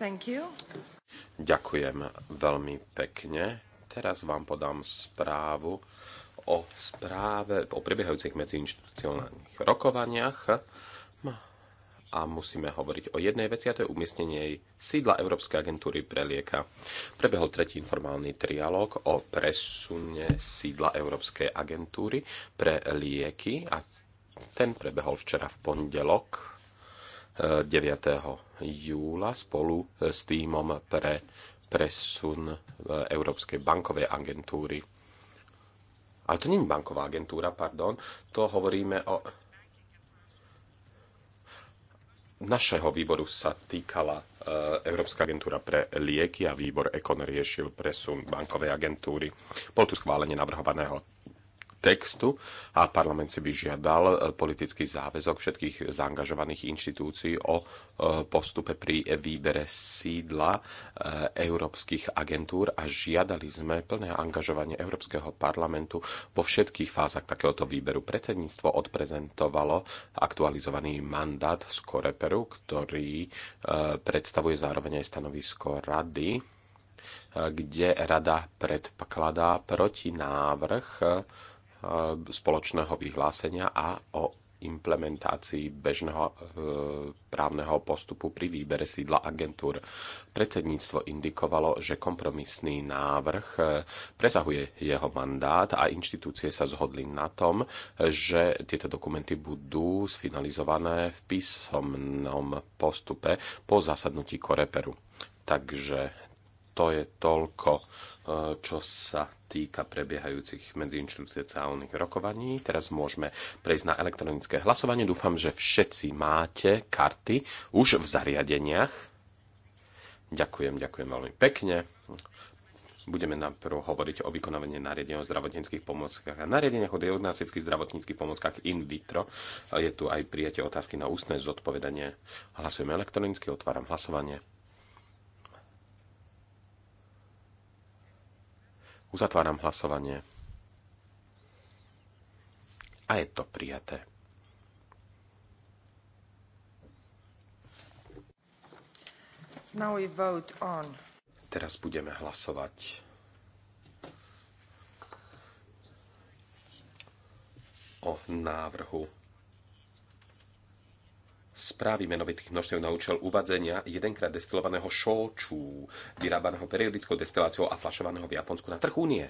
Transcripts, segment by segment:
Thank you. Ďakujem veľmi pekne. Teraz vám podám správu o správe o prebiehajúcich medziinstitucionálnych rokovaniach no, a musíme hovoriť o jednej veci a to je umiestnenie sídla Európskej agentúry pre lieka. Prebehol tretí informálny trialóg o presune sídla Európskej agentúry pre lieky a ten prebehol včera v pondelok 9 eh, júla spolu s týmom pre presun Európskej bankovej agentúry. Ale to nie je banková agentúra, pardon. To hovoríme o... Našeho výboru sa týkala e, Európska agentúra pre lieky a výbor Ekon riešil presun bankovej agentúry. Bol tu schválenie navrhovaného textu a parlament si vyžiadal e, politický záväzok všetkých zaangažovaných inštitúcií o e, postupe pri výbere sídla e, európskych agentúr a žiadali sme plné angažovanie Európskeho parlamentu vo všetkých fázach takéhoto výberu. Predsedníctvo odprezentovalo aktualizovaný mandát z Koreperu, ktorý predstavuje zároveň aj stanovisko rady kde rada predpokladá protinávrh E, spoločného vyhlásenia a o implementácii bežného e, právneho postupu pri výbere sídla agentúr. Predsedníctvo indikovalo, že kompromisný návrh e, presahuje jeho mandát a inštitúcie sa zhodli na tom, že tieto dokumenty budú sfinalizované v písomnom postupe po zasadnutí Koreperu. Takže to je toľko E, čo sa týka prebiehajúcich medziinštitucionálnych rokovaní. Teraz môžeme prejsť na elektronické hlasovanie. Dúfam, že všetci máte karty už v zariadeniach. Ďakujem, ďakujem veľmi pekne. Budeme najprv hovoriť o vykonávaní nariadenia o zdravotníckých pomockách a nariadeniach o diagnostických zdravotníckých pomockách in vitro. Je tu aj prijatie otázky na ústne zodpovedanie. Hlasujeme elektronicky, otváram hlasovanie. Uzatváram hlasovanie. A je to prijaté. Now we vote on. Teraz budeme hlasovať o návrhu správy menovitých množstiev na účel uvadzenia jedenkrát destilovaného šoču, vyrábaného periodickou destiláciou a flašovaného v Japonsku na trh únie.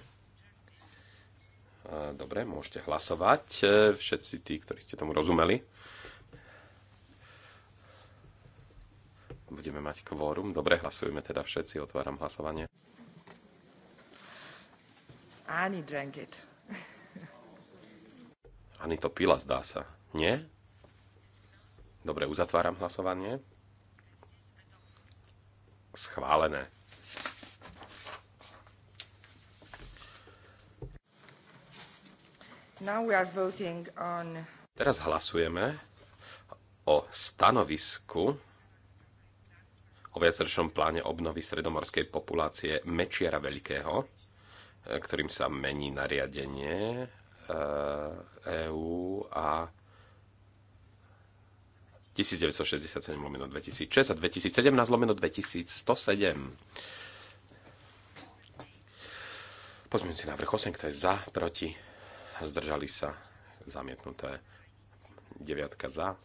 Dobre, môžete hlasovať, e, všetci tí, ktorí ste tomu rozumeli. Budeme mať kvórum. Dobre, hlasujeme teda všetci, otváram hlasovanie. Ani drank it. Ani to pila, zdá sa. Nie? Dobre, uzatváram hlasovanie. Schválené. Now we are voting on... Teraz hlasujeme o stanovisku o viacročnom pláne obnovy stredomorskej populácie Mečiara Veľkého, ktorým sa mení nariadenie EÚ eh, e a 1967 lomeno 2006 a 2017 lomeno 2107. si návrh 8, kto je za, proti, zdržali sa, zamietnuté. 9 za,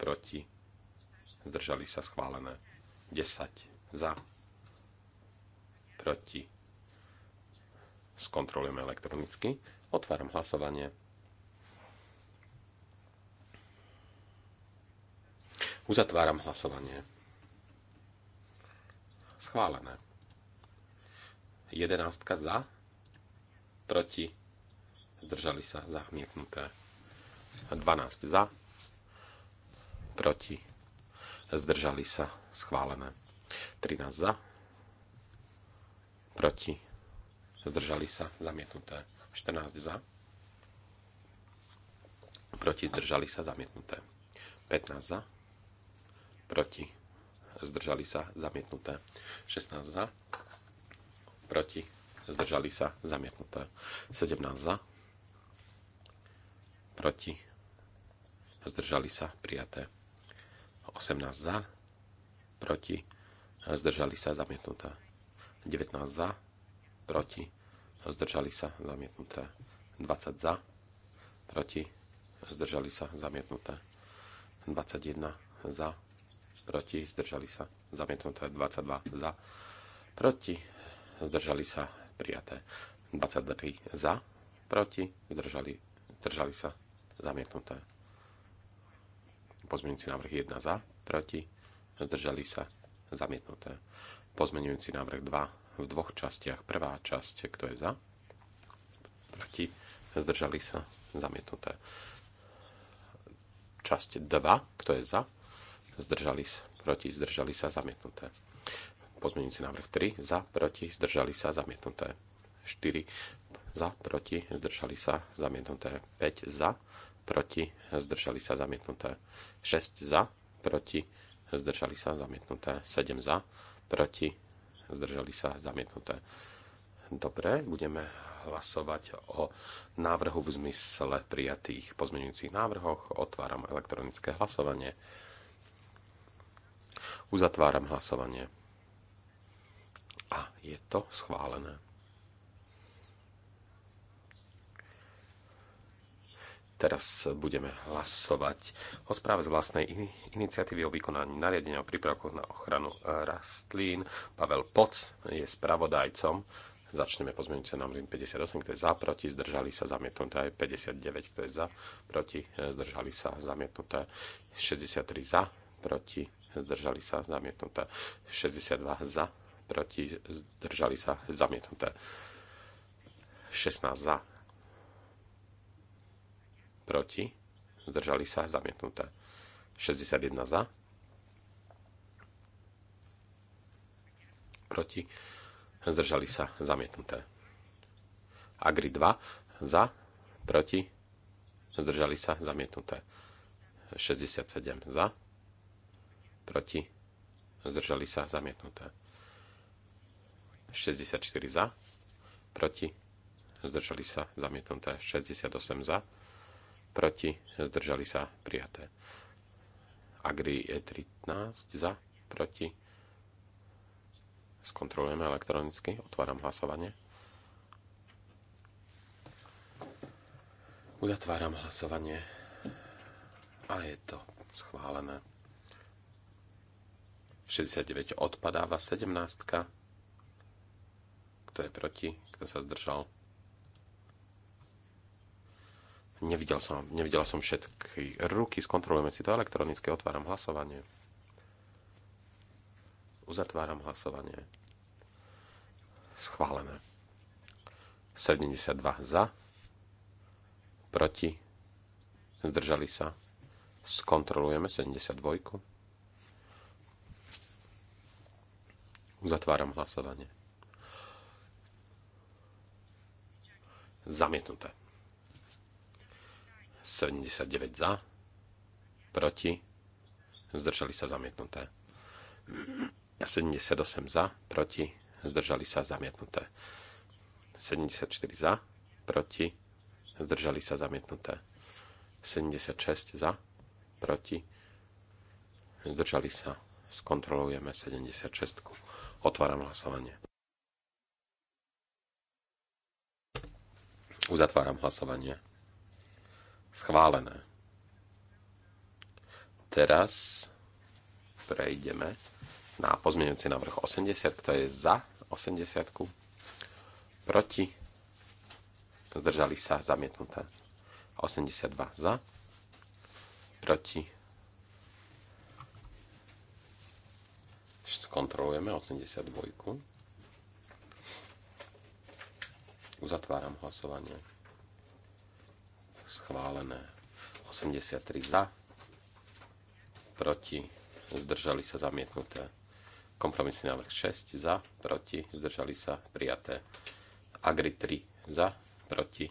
proti, zdržali sa, schválené. 10 za, proti. Skontrolujeme elektronicky. Otváram hlasovanie. Uzatváram hlasovanie. Schválené. 11 za, proti, zdržali sa, zamietnuté. 12 za, proti, zdržali sa, schválené. 13 za, proti, zdržali sa, zamietnuté. 14 za, proti, zdržali sa, zamietnuté. 15 za, proti, zdržali sa, zamietnuté. 16 za, proti, zdržali sa, zamietnuté. 17 za, proti, zdržali sa, prijaté. 18 za, proti, zdržali sa, zamietnuté. 19 za, proti, zdržali sa, zamietnuté. 20 za, proti, zdržali sa, zamietnuté. 21 za, proti, zdržali sa, zamietnuté 22 za, proti, zdržali sa, prijaté 23 za, proti, zdržali, zdržali sa, zamietnuté. Pozmeňujúci návrh 1 za, proti, zdržali sa, zamietnuté. Pozmeňujúci návrh 2 v dvoch častiach. Prvá časť, kto je za, proti, zdržali sa, zamietnuté. Časť 2, kto je za, zdržali, proti, zdržali sa zamietnuté. Pozmeňujúci návrh 3, za, proti, zdržali sa zamietnuté. 4, za, proti, zdržali sa zamietnuté. 5, za, proti, zdržali sa zamietnuté. 6, za, proti, zdržali sa zamietnuté. 7, za, proti, zdržali sa zamietnuté. Dobre, budeme hlasovať o návrhu v zmysle prijatých pozmeňujúcich návrhoch. Otváram elektronické hlasovanie. Uzatváram hlasovanie. A je to schválené. Teraz budeme hlasovať o správe z vlastnej iniciatívy o vykonaní nariadenia o prípravkoch na ochranu rastlín. Pavel Poc je spravodajcom. Začneme pozmeňujúce návrhy 58, kto je za, proti, zdržali sa, zamietnuté. 59, kto je za, proti, zdržali sa, zamietnuté. 63 za, proti, zdržali sa, zamietnuté. 62 za, proti, zdržali sa, zamietnuté. 16 za, proti, zdržali sa, zamietnuté. 61 za, proti, zdržali sa, zamietnuté. Agri 2 za, proti, zdržali sa, zamietnuté. 67 za, proti, zdržali sa, zamietnuté. 64 za, proti, zdržali sa, zamietnuté. 68 za, proti, zdržali sa, prijaté. Agri je 13 za, proti. Skontrolujeme elektronicky, otváram hlasovanie. Uzatváram hlasovanie a je to schválené. 69 odpadáva, 17. Kto je proti? Kto sa zdržal? Nevidel som, nevidela som všetky ruky, skontrolujeme si to elektronické, otváram hlasovanie. Uzatváram hlasovanie. Schválené. 72 za, proti, zdržali sa. Skontrolujeme 72. Uzatváram hlasovanie. Zamietnuté. 79 za, proti, zdržali sa zamietnuté. 78 za, proti, zdržali sa zamietnuté. 74 za, proti, zdržali sa zamietnuté. 76 za, proti, zdržali sa. Skontrolujeme 76. Otváram hlasovanie. Uzatváram hlasovanie. Schválené. Teraz prejdeme na pozmeňujúci návrh 80, kto je za 80, proti, zdržali sa, zamietnuté. 82 za, proti, Skontrolujeme 82. Uzatváram hlasovanie. Schválené. 83 za. Proti. Zdržali sa zamietnuté. Kompromisný návrh 6 za. Proti. Zdržali sa prijaté. Agri 3 za. Proti.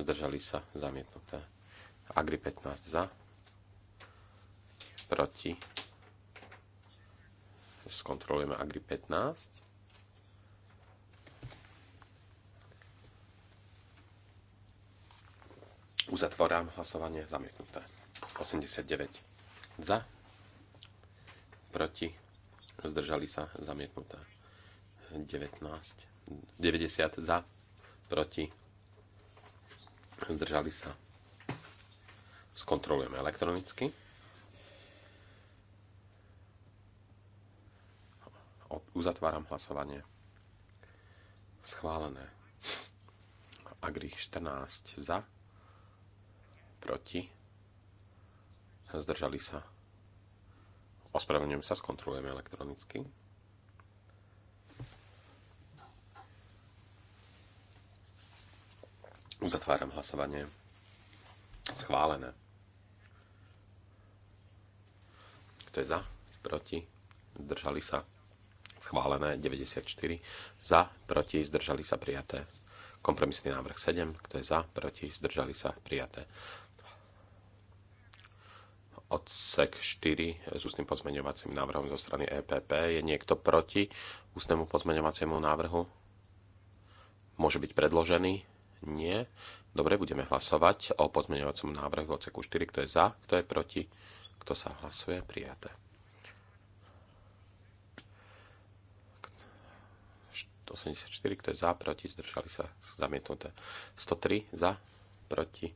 Zdržali sa zamietnuté. Agri 15 za. Proti skontrolujeme Agri 15. Uzatváram hlasovanie zamietnuté. 89 za, proti, zdržali sa zamietnuté. 19, 90 za, proti, zdržali sa. Skontrolujeme elektronicky. Uzatváram hlasovanie. Schválené. Agri 14 za. Proti. Zdržali sa. Ospravedlňujem sa, skontrolujeme elektronicky. Uzatváram hlasovanie. Schválené. Kto je za? Proti? Zdržali sa? schválené 94 za, proti, zdržali sa prijaté. Kompromisný návrh 7, kto je za, proti, zdržali sa prijaté. Odsek 4 s ústnym pozmeňovacím návrhom zo strany EPP. Je niekto proti ústnemu pozmeňovaciemu návrhu? Môže byť predložený? Nie. Dobre, budeme hlasovať o pozmeňovacom návrhu odseku 4. Kto je za, kto je proti, kto sa hlasuje, prijaté. 84 kto je za, proti, zdržali sa, zamietnuté. 103 za, proti,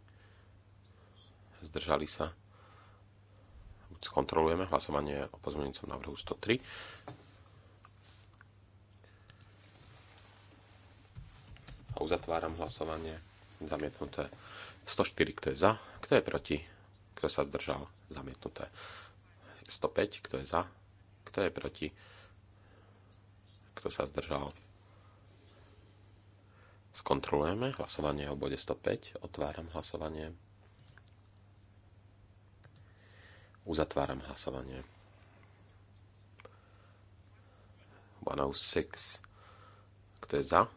zdržali sa. Skontrolujeme hlasovanie o pozmeňujúcom návrhu 103. A uzatváram hlasovanie zamietnuté. 104, kto je za, kto je proti, kto sa zdržal, zamietnuté. 105, kto je za, kto je proti, kto sa zdržal, Skontrolujeme hlasovanie o bode 105. Otváram hlasovanie. Uzatváram hlasovanie. 106. Kto je za?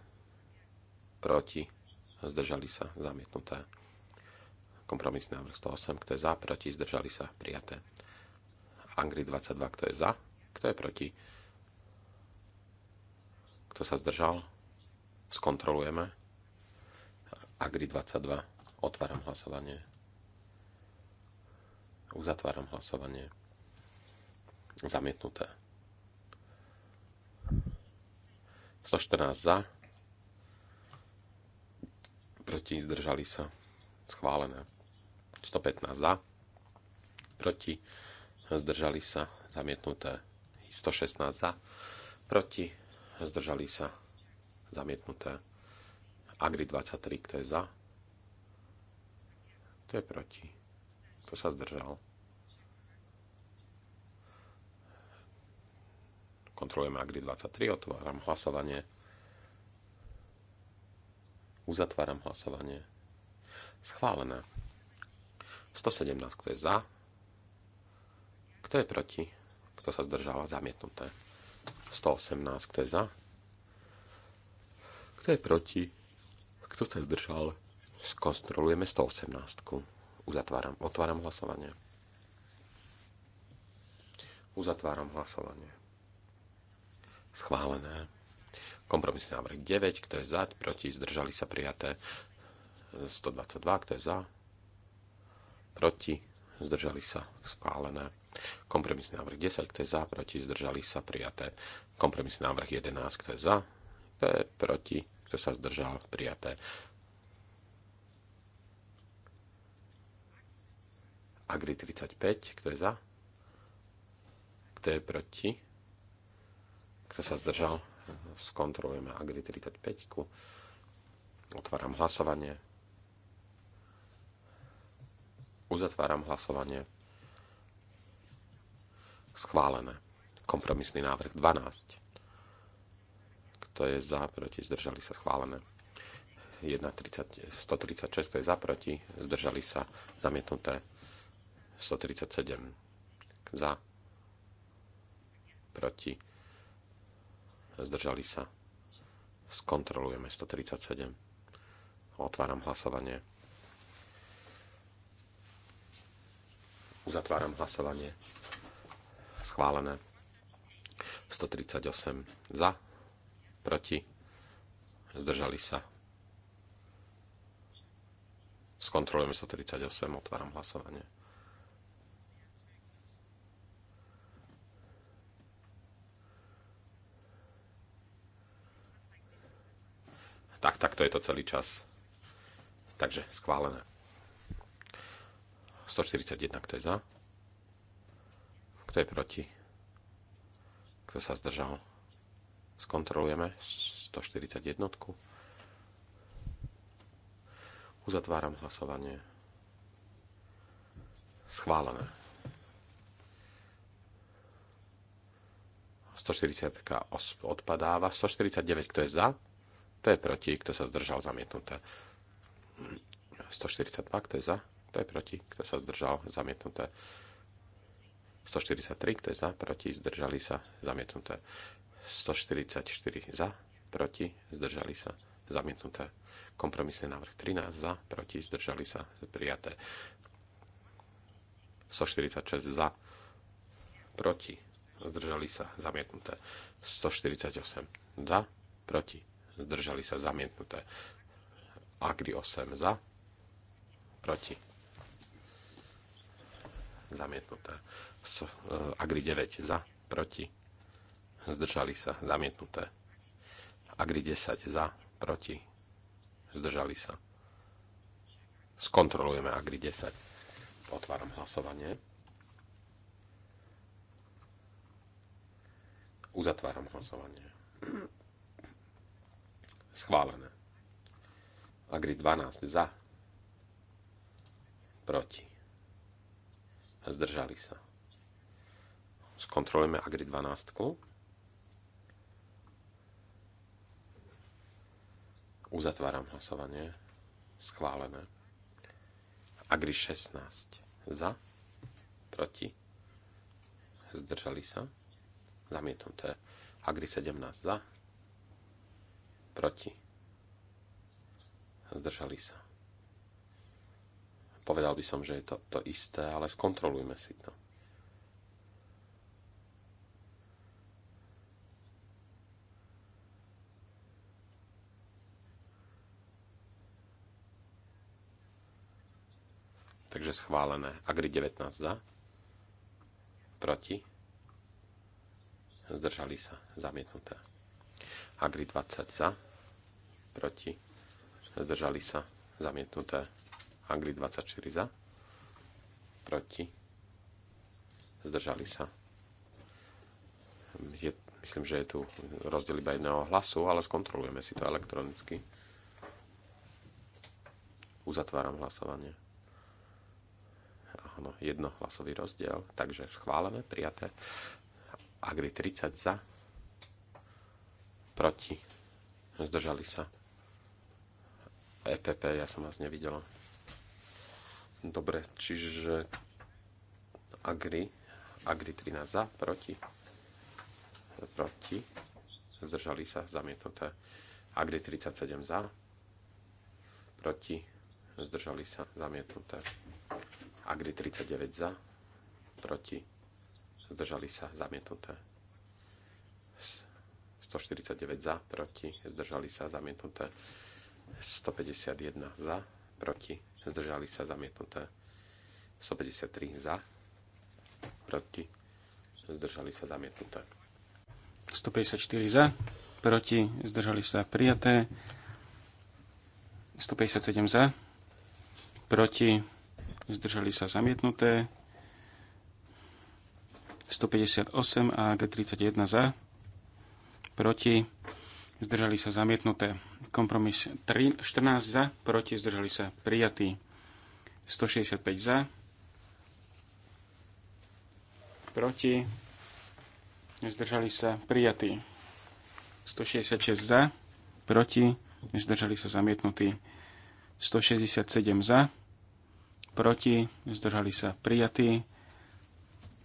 Proti? Zdržali sa? Zamietnuté. Kompromisný návrh 108. Kto je za? Proti? Zdržali sa? Prijaté. Angry 22. Kto je za? Kto je proti? Kto sa zdržal? Skontrolujeme. Agri 22. Otváram hlasovanie. Uzatváram hlasovanie. Zamietnuté. 114 za. Proti zdržali sa. Schválené. 115 za. Proti zdržali sa. Zamietnuté. 116 za. Proti zdržali sa Zamietnuté. Agri 23, kto je za? Kto je proti? Kto sa zdržal? Kontrolujeme Agri 23, otváram hlasovanie. Uzatváram hlasovanie. Schválené. 117, kto je za? Kto je proti? Kto sa zdržal? Zamietnuté. 118, kto je za? Kto je proti? Kto sa zdržal? Skontrolujeme 118. Uzatváram. Otváram hlasovanie. Uzatváram hlasovanie. Schválené. Kompromisný návrh 9. Kto je za? Proti? Zdržali sa prijaté. 122. Kto je za? Proti? Zdržali sa. Schválené. Kompromisný návrh 10. Kto je za? Proti? Zdržali sa prijaté. Kompromisný návrh 11. Kto je za? Kto je proti? Kto sa zdržal? Prijaté. Agri 35. Kto je za? Kto je proti? Kto sa zdržal? Skontrolujeme Agri 35. -ku. Otváram hlasovanie. Uzatváram hlasovanie. Schválené. Kompromisný návrh 12 to je za, proti, zdržali sa schválené. 136, to je za, proti, zdržali sa zamietnuté. 137 za, proti, zdržali sa. Skontrolujeme 137. Otváram hlasovanie. Uzatváram hlasovanie. Schválené. 138 za, proti, zdržali sa. Skontrolujeme 138, otváram hlasovanie. Tak, tak, to je to celý čas. Takže, schválené. 141, kto je za? Kto je proti? Kto sa zdržal? Skontrolujeme 141. Uzatváram hlasovanie. Schválené. 140 odpadáva. 149, kto je za? to je proti? Kto sa zdržal? Zamietnuté. 142, kto je za? to je proti? Kto sa zdržal? Zamietnuté. 143, kto je za? Proti? Zdržali sa? Zamietnuté. 144 za, proti, zdržali sa, zamietnuté. Kompromisný návrh 13 za, proti, zdržali sa, prijaté. 146 za, proti, zdržali sa, zamietnuté. 148 za, proti, zdržali sa, zamietnuté. Agri 8 za, proti, zamietnuté. E, Agri 9 za, proti, zdržali sa, zamietnuté. Agri 10 za, proti, zdržali sa. Skontrolujeme Agri 10. Otváram hlasovanie. Uzatváram hlasovanie. Schválené. Agri 12 za, proti. Zdržali sa. Skontrolujeme Agri 12. Uzatváram hlasovanie. Schválené. Agri 16. Za. Proti. Zdržali sa. Zamietnuté. Agri 17. Za. Proti. Zdržali sa. Povedal by som, že je to to isté, ale skontrolujme si to. Takže schválené. Agri 19 za. Proti. Zdržali sa. Zamietnuté. Agri 20 za. Proti. Zdržali sa. Zamietnuté. Agri 24 za. Proti. Zdržali sa. Je, myslím, že je tu rozdiel iba jedného hlasu, ale skontrolujeme si to elektronicky. Uzatváram hlasovanie. Áno, jedno hlasový rozdiel. Takže schválené, prijaté. Agri 30 za. Proti. Zdržali sa. EPP, ja som vás nevidela. Dobre, čiže Agri, Agri 13 za, proti, proti, zdržali sa, zamietnuté. Agri 37 za, proti, zdržali sa, zamietnuté. Agri 39 za, proti, zdržali sa, zamietnuté. 149 za, proti, zdržali sa, zamietnuté. 151 za, proti, zdržali sa, zamietnuté. 153 za, proti, zdržali sa, zamietnuté. 154 za, proti, zdržali sa, prijaté. 157 za, proti, zdržali sa zamietnuté. 158 a G31 za, proti, zdržali sa zamietnuté. Kompromis 3, 14 za, proti, zdržali sa prijatí. 165 za, proti, zdržali sa prijatí. 166 za, proti, zdržali sa zamietnutí. 167 za, proti, zdržali sa prijatí,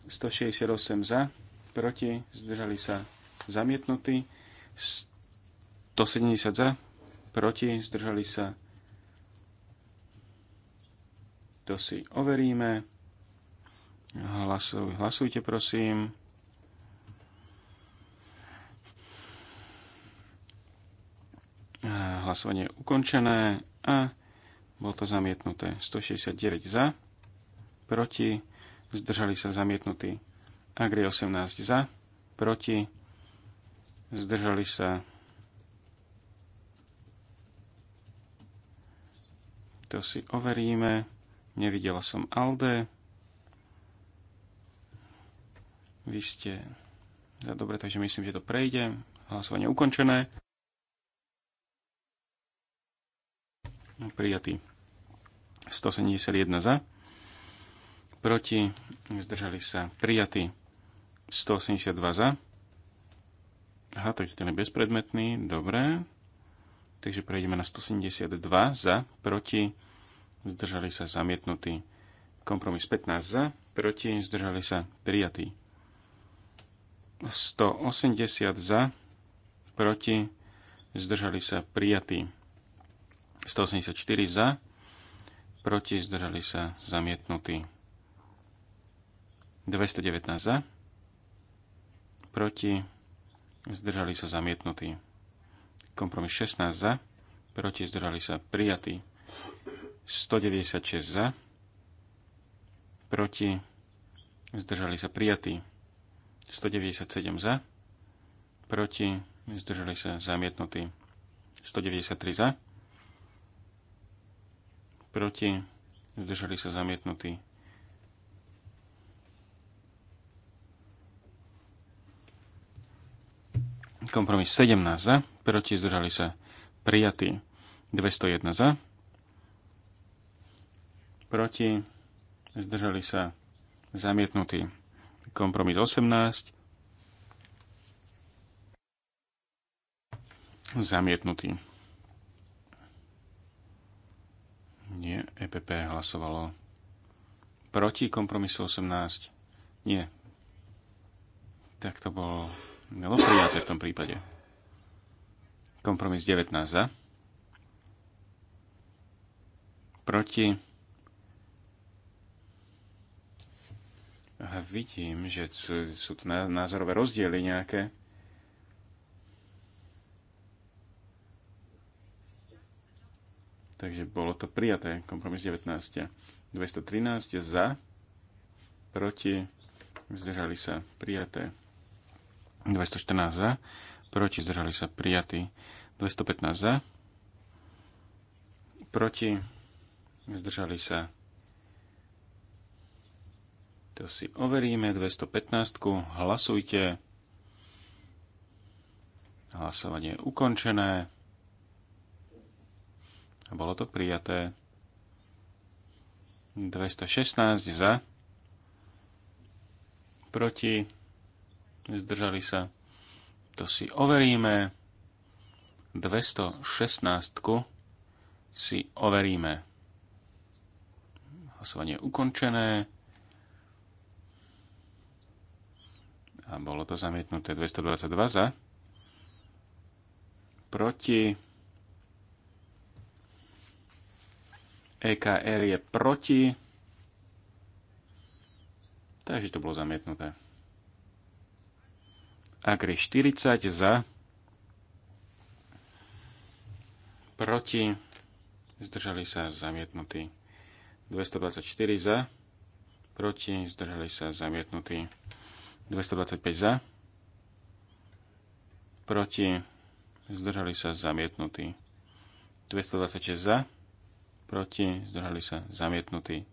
168 za, proti, zdržali sa zamietnutí, 170 za, proti, zdržali sa. To si overíme. Hlasuj, hlasujte prosím. Hlasovanie je ukončené a bolo to zamietnuté. 169 za. Proti. Zdržali sa zamietnutí. Agri 18 za. Proti. Zdržali sa. To si overíme. Nevidela som Alde. Vy ste za dobre, takže myslím, že to prejde. Hlasovanie ukončené. Prijatý. 171 za, proti, zdržali sa prijatí 182 za. Aha, tak ten je bezpredmetný, dobre. Takže prejdeme na 172 za, proti, zdržali sa zamietnutí. Kompromis 15 za, proti, zdržali sa prijatí. 180 za, proti, zdržali sa prijatí. 184 za, proti, zdržali sa zamietnutí. 219 za, proti, zdržali sa zamietnutí. Kompromis 16 za, proti, zdržali sa prijatí. 196 za, proti, zdržali sa prijatí. 197 za, proti, zdržali sa zamietnutí. 193 za, proti, zdržali sa zamietnutí. Kompromis 17 za, proti, zdržali sa prijatí. 201 za, proti, zdržali sa zamietnutí. Kompromis 18 zamietnutý. EPP hlasovalo proti kompromisu 18. Nie. Tak to bolo bolo prijaté v tom prípade. Kompromis 19 za. Proti. Aha, vidím, že sú, sú tu názorové rozdiely nejaké. Takže bolo to prijaté. Kompromis 19. 213 za, proti, zdržali sa prijaté. 214 za, proti, zdržali sa prijatí. 215 za, proti, zdržali sa. To si overíme. 215. Hlasujte. Hlasovanie je ukončené. Bolo to prijaté. 216 za. Proti. Zdržali sa. To si overíme. 216 si overíme. Hlasovanie ukončené. A bolo to zamietnuté 222 za. Proti EKR je proti. Takže to bolo zamietnuté. je 40 za. Proti. Zdržali sa zamietnutí. 224 za. Proti. Zdržali sa zamietnutí. 225 za. Proti. Zdržali sa zamietnutí. 226 za proti, zdržali sa zamietnutí.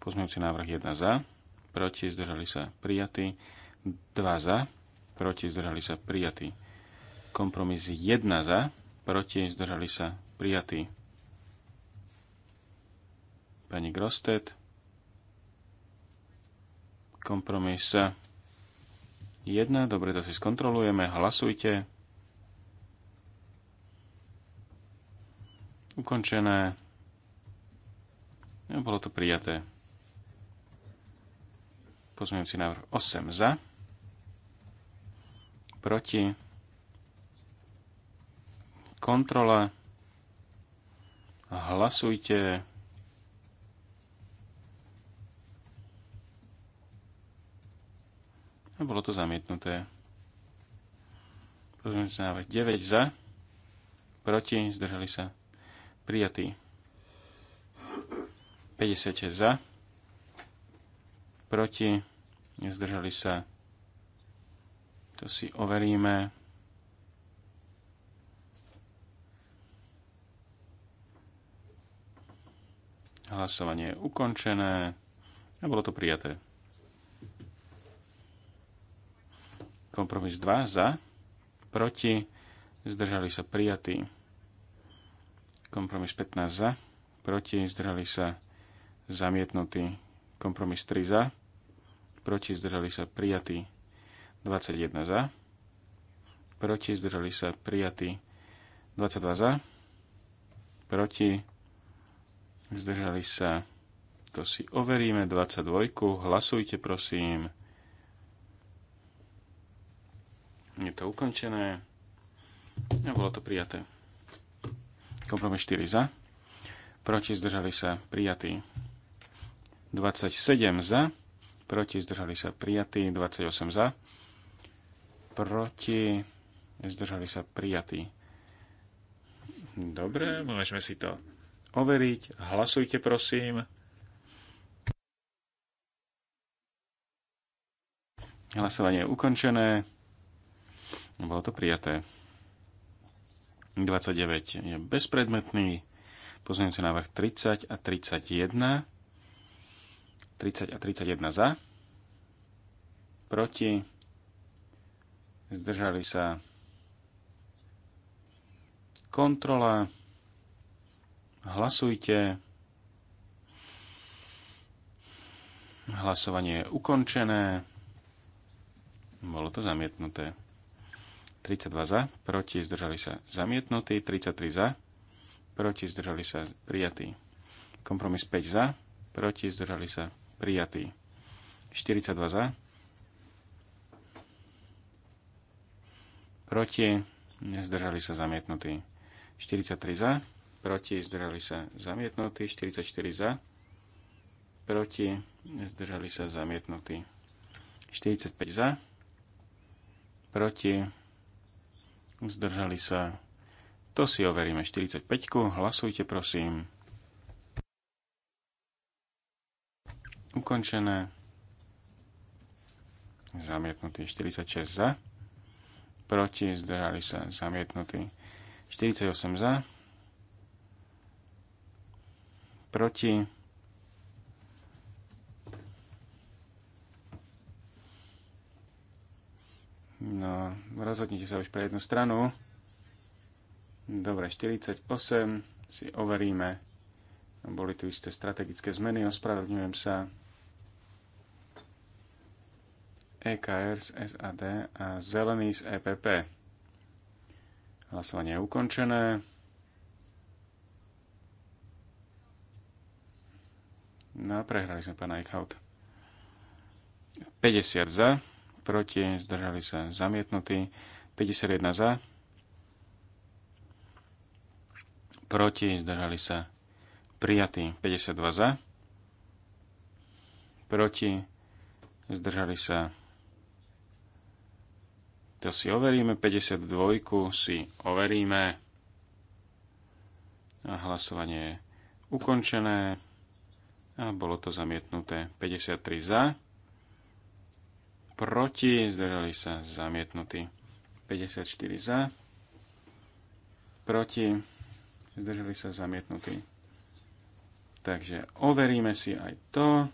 Pozmeňujúci návrh 1 za, proti, zdržali sa prijatí. 2 za, proti, zdržali sa prijatí. Kompromis 1 za, proti, zdržali sa prijatí. Pani Grosted. Kompromis 1. Dobre, to si skontrolujeme. Hlasujte. Ukončené. No, bolo to prijaté. si návrh 8 za. Proti. Kontrola. Hlasujte. A bolo to zamietnuté. si návrh 9 za. Proti. Zdržali sa. Prijatý. 50 za, proti, nezdržali sa. To si overíme. Hlasovanie je ukončené a bolo to prijaté. Kompromis 2 za, proti, zdržali sa prijatí. Kompromis 15 za, proti, zdržali sa zamietnutý. Kompromis 3 za, proti zdržali sa prijatí 21 za, proti zdržali sa prijatí 22 za, proti zdržali sa, to si overíme, 22, hlasujte prosím. Je to ukončené a bolo to prijaté. Kompromis 4 za, proti zdržali sa prijatí 27 za, proti zdržali sa prijatí, 28 za, proti zdržali sa prijatí. Dobre, môžeme si to overiť. Hlasujte, prosím. Hlasovanie je ukončené. Bolo to prijaté. 29 je bezpredmetný. Pozmeňujúci návrh 30 a 31 30 a 31 za, proti, zdržali sa kontrola, hlasujte, hlasovanie je ukončené, bolo to zamietnuté. 32 za, proti zdržali sa zamietnutí, 33 za, proti zdržali sa prijatí. Kompromis 5 za, proti zdržali sa prijatý. 42 za, proti, zdržali sa zamietnutí. 43 za, proti, zdržali sa zamietnutí. 44 za, proti, zdržali sa zamietnutí. 45 za, proti, zdržali sa. To si overíme. 45. Hlasujte prosím. ukončené. Zamietnutý 46 za. Proti zdržali sa zamietnutý 48 za. Proti No, rozhodnite sa už pre jednu stranu. Dobre, 48 si overíme. Boli tu isté strategické zmeny, ospravedlňujem sa. EKR z SAD a Zelený z EPP. Hlasovanie je ukončené. No a prehrali sme pána Eichhout. 50 za, proti, zdržali sa zamietnutí. 51 za, proti, zdržali sa prijatí. 52 za, proti, zdržali sa to si overíme, 52 si overíme. A hlasovanie je ukončené a bolo to zamietnuté 53 za, proti, zdržali sa zamietnutí 54 za, proti, zdržali sa zamietnutí. Takže overíme si aj to.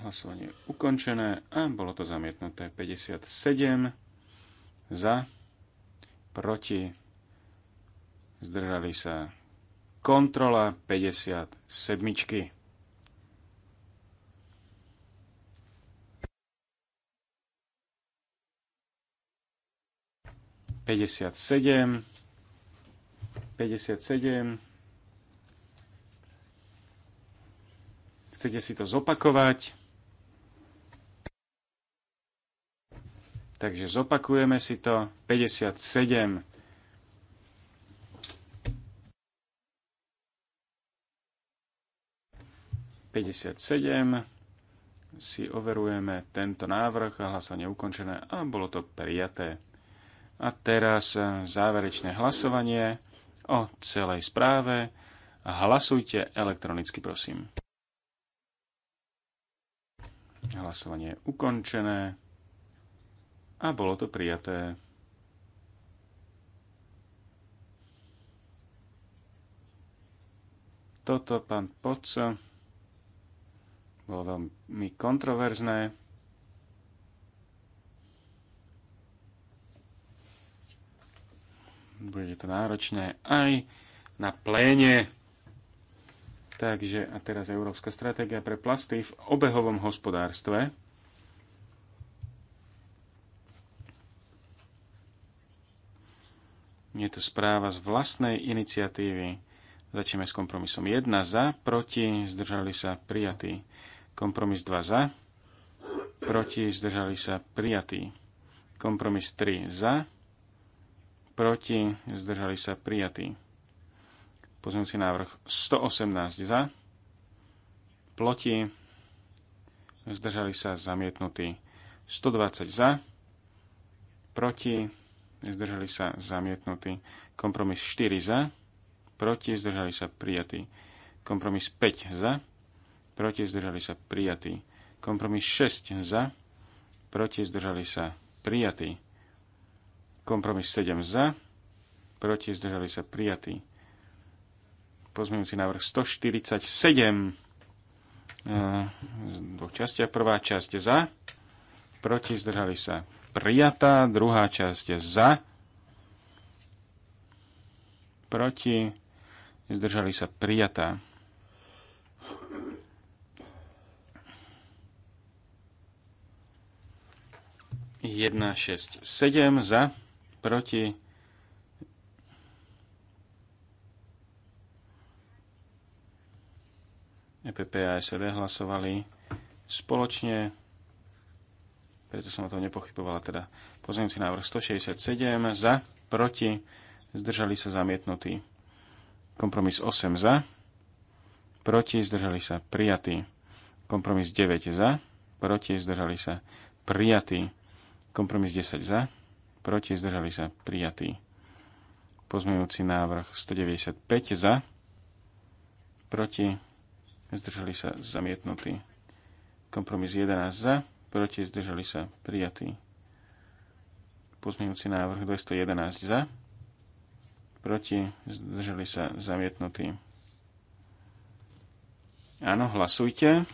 Hlasovanie je ukončené a bolo to zamietnuté 57 za, proti, zdržali sa kontrola 57. Pedesiat sedem, pedesiat sedem. Chcete si to zopakovať? Takže zopakujeme si to. 57. si overujeme tento návrh a hlasovanie ukončené a bolo to prijaté. A teraz záverečné hlasovanie o celej správe. Hlasujte elektronicky, prosím. Hlasovanie je ukončené a bolo to prijaté. Toto pán Poco bolo veľmi kontroverzné. Bude to náročné aj na pléne. Takže a teraz Európska stratégia pre plasty v obehovom hospodárstve. Je to správa z vlastnej iniciatívy. Začneme s kompromisom 1 za, proti, zdržali sa prijatí. Kompromis 2 za, proti, zdržali sa prijatí. Kompromis 3 za, proti, zdržali sa prijatí. si návrh 118 za, proti, zdržali sa zamietnutí. 120 za, proti, zdržali sa zamietnutí. Kompromis 4 za, proti zdržali sa prijatí. Kompromis 5 za, proti zdržali sa prijatí. Kompromis 6 za, proti zdržali sa prijatí. Kompromis 7 za, proti zdržali sa prijatí. Pozmeňujúci návrh 147 eh, z dvoch častiach. Prvá časť za, proti zdržali sa prijatá, druhá časť za, proti, zdržali sa prijatá. Jedna, šesť, sedem za, proti, EPP a SED hlasovali spoločne preto som o tom nepochybovala. Teda pozriem si návrh 167 za, proti, zdržali sa zamietnutí. Kompromis 8 za, proti, zdržali sa prijatí. Kompromis 9 za, proti, zdržali sa prijatí. Kompromis 10 za, proti, zdržali sa prijatí. Pozmejúci návrh 195 za, proti, zdržali sa zamietnutí. Kompromis 11 za, proti, zdržali sa, prijatý. Pozmeňujúci návrh 211 za, proti, zdržali sa, zamietnutý. Áno, hlasujte.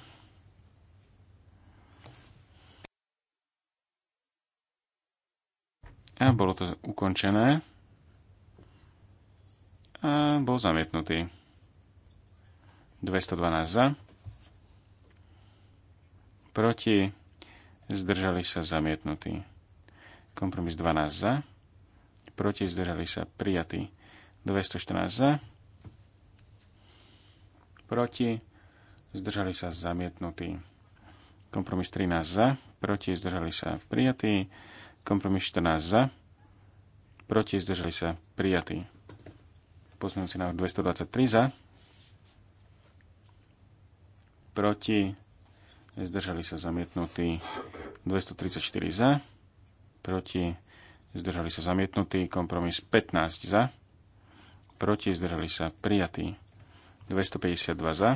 A bolo to ukončené. A bol zamietnutý. 212 za. Proti zdržali sa zamietnutí. Kompromis 12 za, proti zdržali sa prijatí. 214 za, proti zdržali sa zamietnutí. Kompromis 13 za, proti zdržali sa prijatí. Kompromis 14 za, proti zdržali sa prijatí. Pozmeňujúci na 223 za, proti zdržali sa zamietnutí 234 za, proti zdržali sa zamietnutí, kompromis 15 za, proti zdržali sa prijatí 252 za,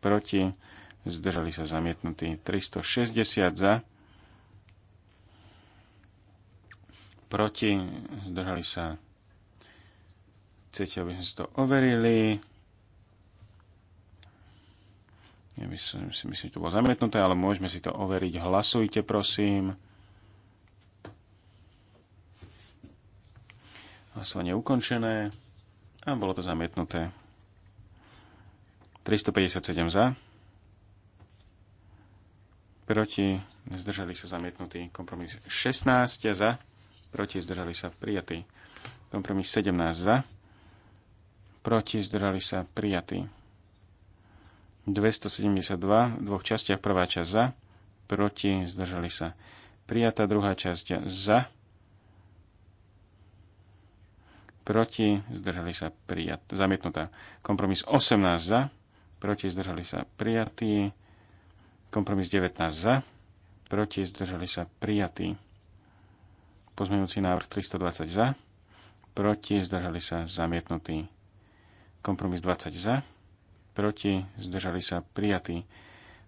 proti zdržali sa zamietnutí 360 za, proti zdržali sa Chcete, aby sme si to overili? Ja si myslím, že to bolo zamietnuté, ale môžeme si to overiť. Hlasujte, prosím. Hlasovanie ukončené a bolo to zamietnuté. 357 za. Proti zdržali sa zamietnutý kompromis 16 za. Proti zdržali sa prijatý kompromis 17 za. Proti zdržali sa prijatý 272 v dvoch častiach. Prvá časť za, proti, zdržali sa. Prijatá druhá časť za, proti, zdržali sa prijat, zamietnutá. Kompromis 18 za, proti, zdržali sa prijatí. Kompromis 19 za, proti, zdržali sa prijatí. Pozmenujúci návrh 320 za, proti, zdržali sa zamietnutí. Kompromis 20 za, proti, zdržali sa prijatí.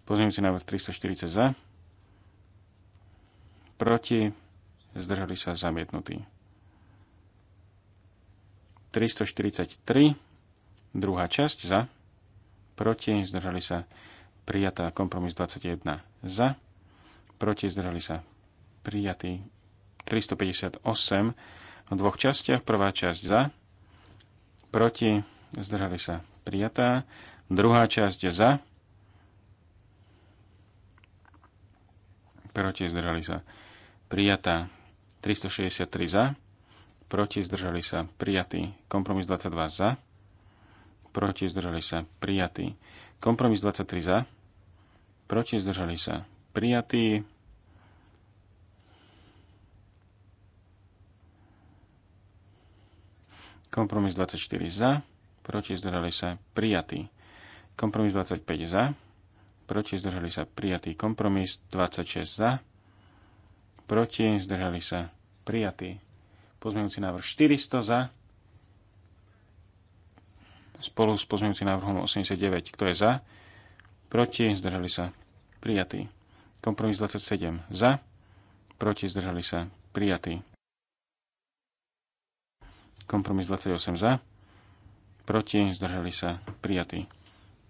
Pozmeňujúci návrh 340 za, proti, zdržali sa zamietnutí. 343, druhá časť za, proti, zdržali sa prijatá kompromis 21 za, proti, zdržali sa prijatí. 358 v dvoch častiach, prvá časť za, proti, zdržali sa prijatá, Druhá časť za. Proti zdržali sa. Prijatá 363 za. Proti zdržali sa. Prijatý. Kompromis 22 za. Proti zdržali sa. Prijatý. Kompromis 23 za. Proti zdržali sa. Prijatý. Kompromis 24 za, proti zdržali sa prijatý. Kompromis 25 za. Proti zdržali sa prijatý. Kompromis 26 za. Proti zdržali sa prijatý. Pozmeňujúci návrh 400 za. Spolu s pozmeňujúcim návrhom 89. Kto je za? Proti zdržali sa prijatý. Kompromis 27 za. Proti zdržali sa prijatý. Kompromis 28 za. Proti zdržali sa prijatý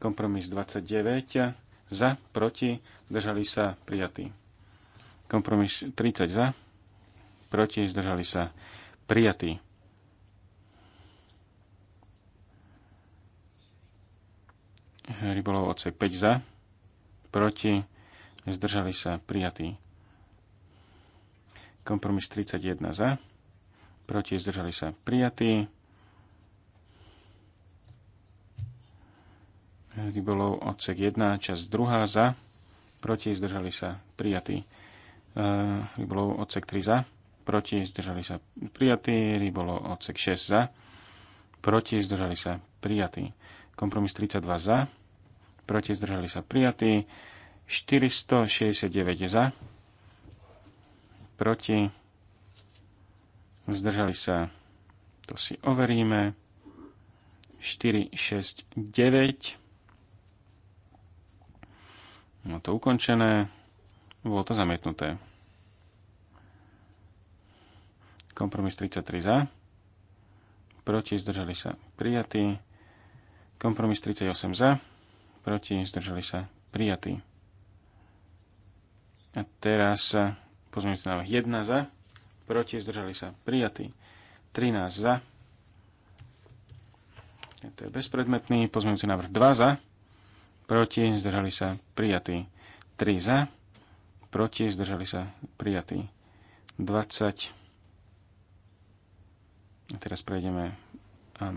Kompromis 29 za, proti, zdržali sa prijatí. Kompromis 30 za, proti, zdržali sa prijatí. Rybolov odsek 5 za, proti, zdržali sa prijatí. Kompromis 31 za, proti, zdržali sa prijatí. rybolov odsek 1, časť 2 za, proti zdržali sa prijatí. Rybolov e, odsek 3 za, proti zdržali sa prijatí. Rybolov odsek 6 za, proti zdržali sa prijatí. Kompromis 32 za, proti zdržali sa prijatí. 469 za, proti zdržali sa, to si overíme. 469. za, má to ukončené, bolo to zamietnuté. Kompromis 33 za, proti zdržali sa prijatí. Kompromis 38 za, proti zdržali sa prijatí. A teraz pozmeňujúci návrh 1 za, proti zdržali sa prijatí. 13 za, to je bezpredmetný, pozmeňujúci návrh 2 za, proti, zdržali sa prijatí. 3 za, proti, zdržali sa prijatí. 20. A teraz prejdeme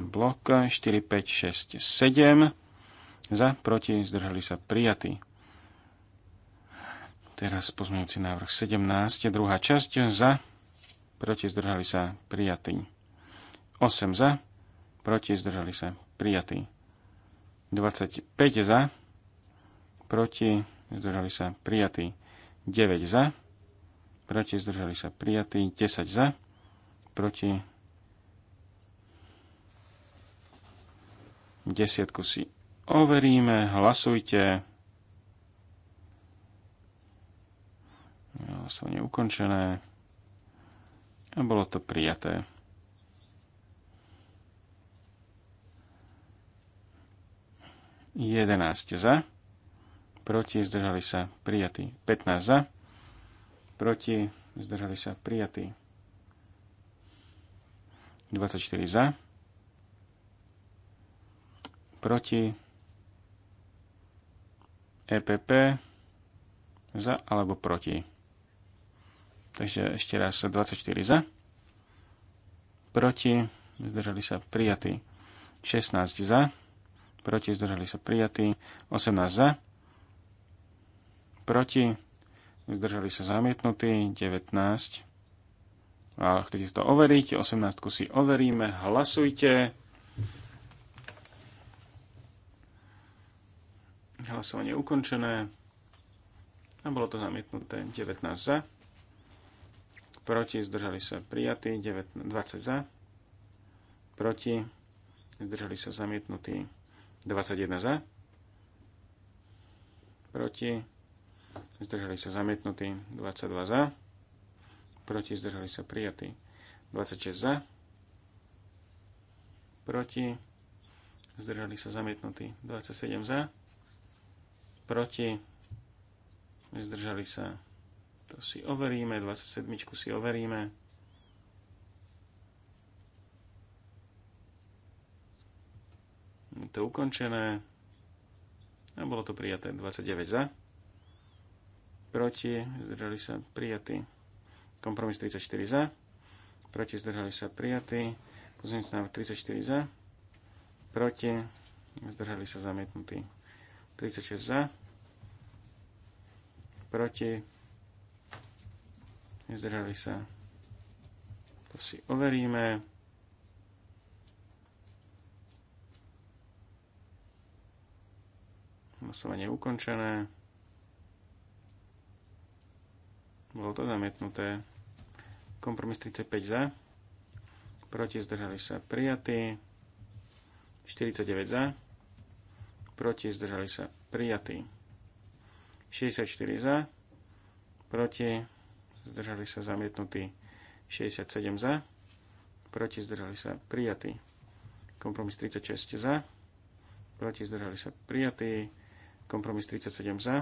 blok 4, 5, 6, 7. Za, proti, zdržali sa prijatí. Teraz pozmeňujúci návrh 17, druhá časť, za, proti, zdržali sa prijatí. 8 za, proti, zdržali sa prijatí. 25 za, proti, zdržali sa prijatí 9 za, proti, zdržali sa prijatí 10 za, proti 10 si overíme, hlasujte. Hlasovanie ukončené a bolo to prijaté. Jedenáct za proti, zdržali sa prijatí. 15 za, proti, zdržali sa prijatí. 24 za, proti, EPP, za alebo proti. Takže ešte raz 24 za, proti, zdržali sa prijatí. 16 za, proti, zdržali sa prijatí. 18 za, proti, zdržali sa zamietnutí, 19. Ale chcete si to overiť, 18 si overíme, hlasujte. Hlasovanie ukončené. A bolo to zamietnuté 19 za. Proti zdržali sa prijatí 20 za. Proti zdržali sa zamietnutí 21 za. Proti zdržali sa zamietnutí, 22 za, proti zdržali sa prijatí, 26 za, proti zdržali sa zamietnutí, 27 za, proti zdržali sa, to si overíme, 27 si overíme, je to ukončené a bolo to prijaté 29 za proti, zdržali sa prijatí. Kompromis 34 za, proti, zdržali sa prijatí. Pozmeňujúci návrh 34 za, proti, zdržali sa zamietnutí. 36 za, proti, zdržali sa. To si overíme. Hlasovanie je ukončené. Bolo to zamietnuté. Kompromis 35 za. Proti zdržali sa prijatí. 49 za. Proti zdržali sa prijatí. 64 za. Proti zdržali sa zamietnutí. 67 za. Proti zdržali sa prijatí. Kompromis 36 za. Proti zdržali sa prijatí. Kompromis 37 za.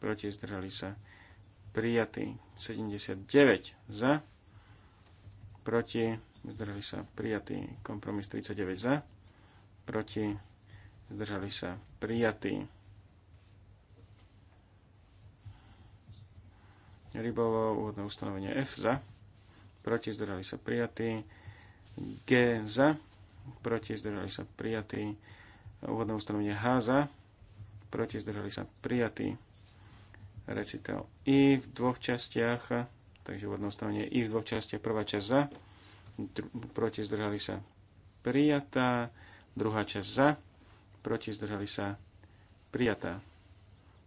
Proti zdržali sa prijatí prijatý. 79 za, proti, zdržali sa prijatý. Kompromis 39 za, proti, zdržali sa prijatý. Rybovo úvodné ustanovenie F za, proti, zdržali sa prijatý. G za, proti, zdržali sa prijatý. Úvodné ustanovenie H za, proti, zdržali sa prijatý recital I v dvoch častiach, takže jednom strane I v dvoch častiach, prvá časť za, proti zdržali sa prijatá, druhá časť za, proti zdržali sa prijatá.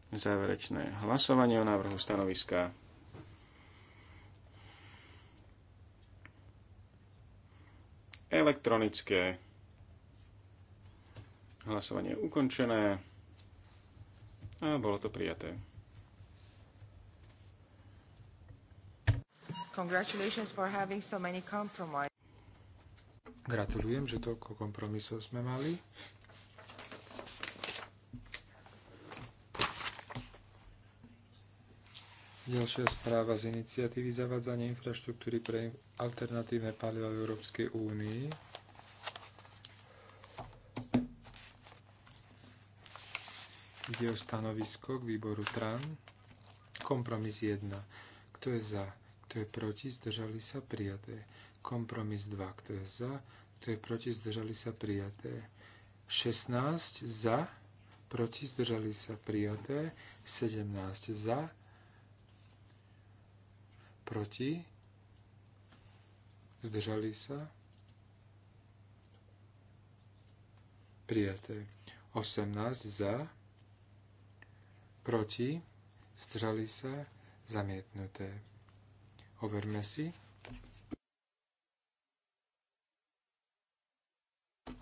Záverečné hlasovanie o návrhu stanoviska. Elektronické hlasovanie ukončené a bolo to prijaté. Congratulations for having so many compromises. Gratulujem, že toľko kompromisov sme mali. Ďalšia správa z iniciatívy zavádzania infraštruktúry pre alternatívne paliva v Európskej únii. Ide o stanovisko k výboru TRAN. Kompromis 1. Kto je za? kto je proti, zdržali sa prijaté. Kompromis 2, kto je za, kto je proti, zdržali sa prijaté. 16 za, proti, zdržali sa prijaté. 17 za, proti, zdržali sa prijaté. 18 za, proti, zdržali sa zamietnuté. Overme si.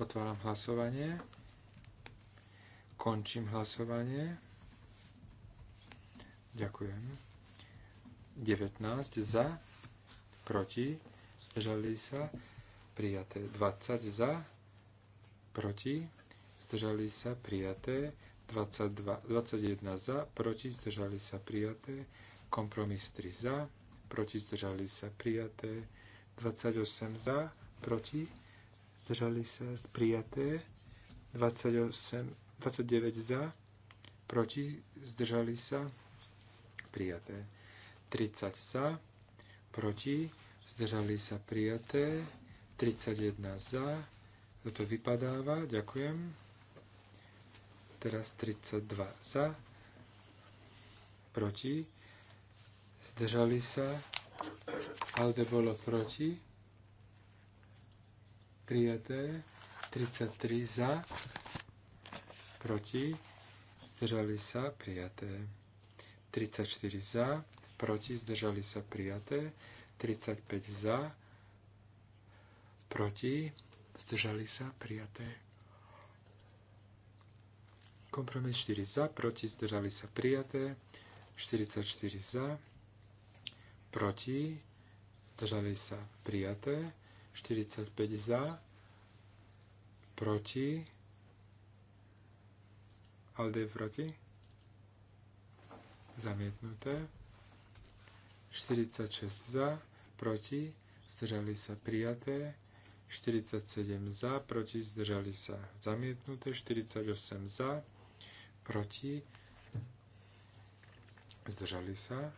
Otváram hlasovanie. Končím hlasovanie. Ďakujem. 19 za, proti, zdržali sa, prijaté. 20 za, proti, zdržali sa, prijaté. 22, 21 za, proti, zdržali sa, prijaté. Kompromis 3 za, proti zdržali sa prijaté, 28 za, proti zdržali sa prijaté, 28, 29 za, proti zdržali sa prijaté, 30 za, proti zdržali sa prijaté, 31 za, toto vypadáva, ďakujem, teraz 32 za, proti, zdržali sa, Alde bolo proti, prijaté, 33 za, proti, zdržali sa, prijaté, 34 za, proti, zdržali sa, prijaté, 35 za, proti, zdržali sa, prijaté. Kompromis 4 za, proti, zdržali sa, prijaté, 44 za, proti, zdržali sa prijaté, 45 za, proti, Alde proti, zamietnuté, 46 za, proti, zdržali sa prijaté, 47 za, proti, zdržali sa zamietnuté, 48 za, proti, zdržali sa,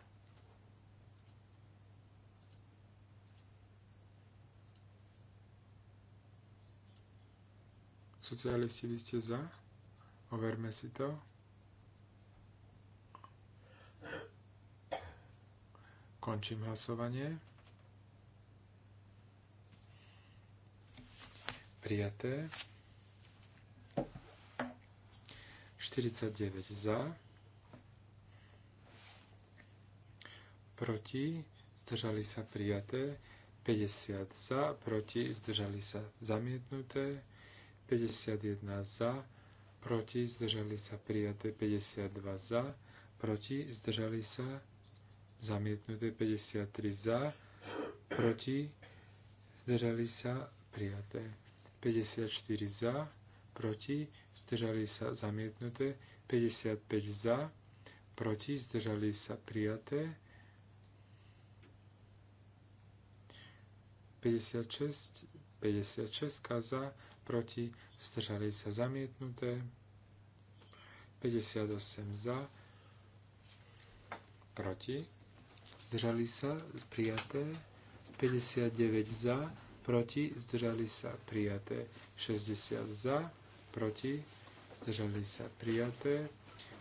Socialisti, vy ste za? Overme si to. Končím hlasovanie. Prijaté. 49 za. Proti. Zdržali sa prijaté. 50 za. Proti. Zdržali sa zamietnuté. 51 za, proti, zdržali sa prijaté 52 za, proti, zdržali sa zamietnuté 53 za, proti, zdržali sa prijaté 54 za, proti, zdržali sa zamietnuté 55 za, proti, zdržali sa prijaté 56, 56 za, proti, zdržali sa zamietnuté, 58 za, proti, zdržali sa prijaté, 59 za, proti, zdržali sa prijaté, 60 za, proti, zdržali sa prijaté,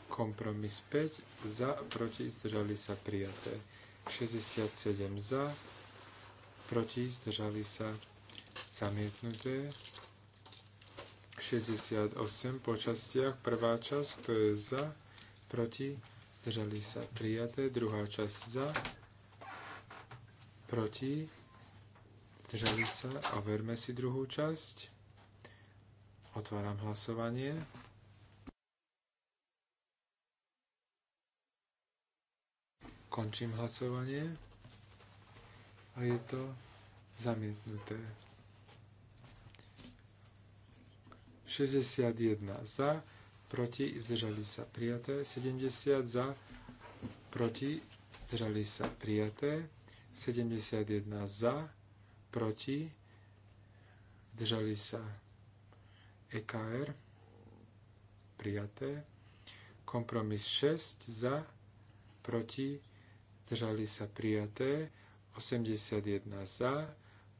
kompromis 5 za, proti, zdržali sa prijaté, 67 za, proti, zdržali sa zamietnuté, 68 po častiach. Prvá časť, kto je za, proti, zdržali sa prijaté. Druhá časť za, proti, zdržali sa. Overme si druhú časť. Otváram hlasovanie. Končím hlasovanie. A je to zamietnuté. 61 za, proti, zdržali sa prijaté, 70 za, proti, zdržali sa prijaté, 71 za, proti, zdržali sa EKR, prijaté, kompromis 6 za, proti, zdržali sa prijaté, 81 za,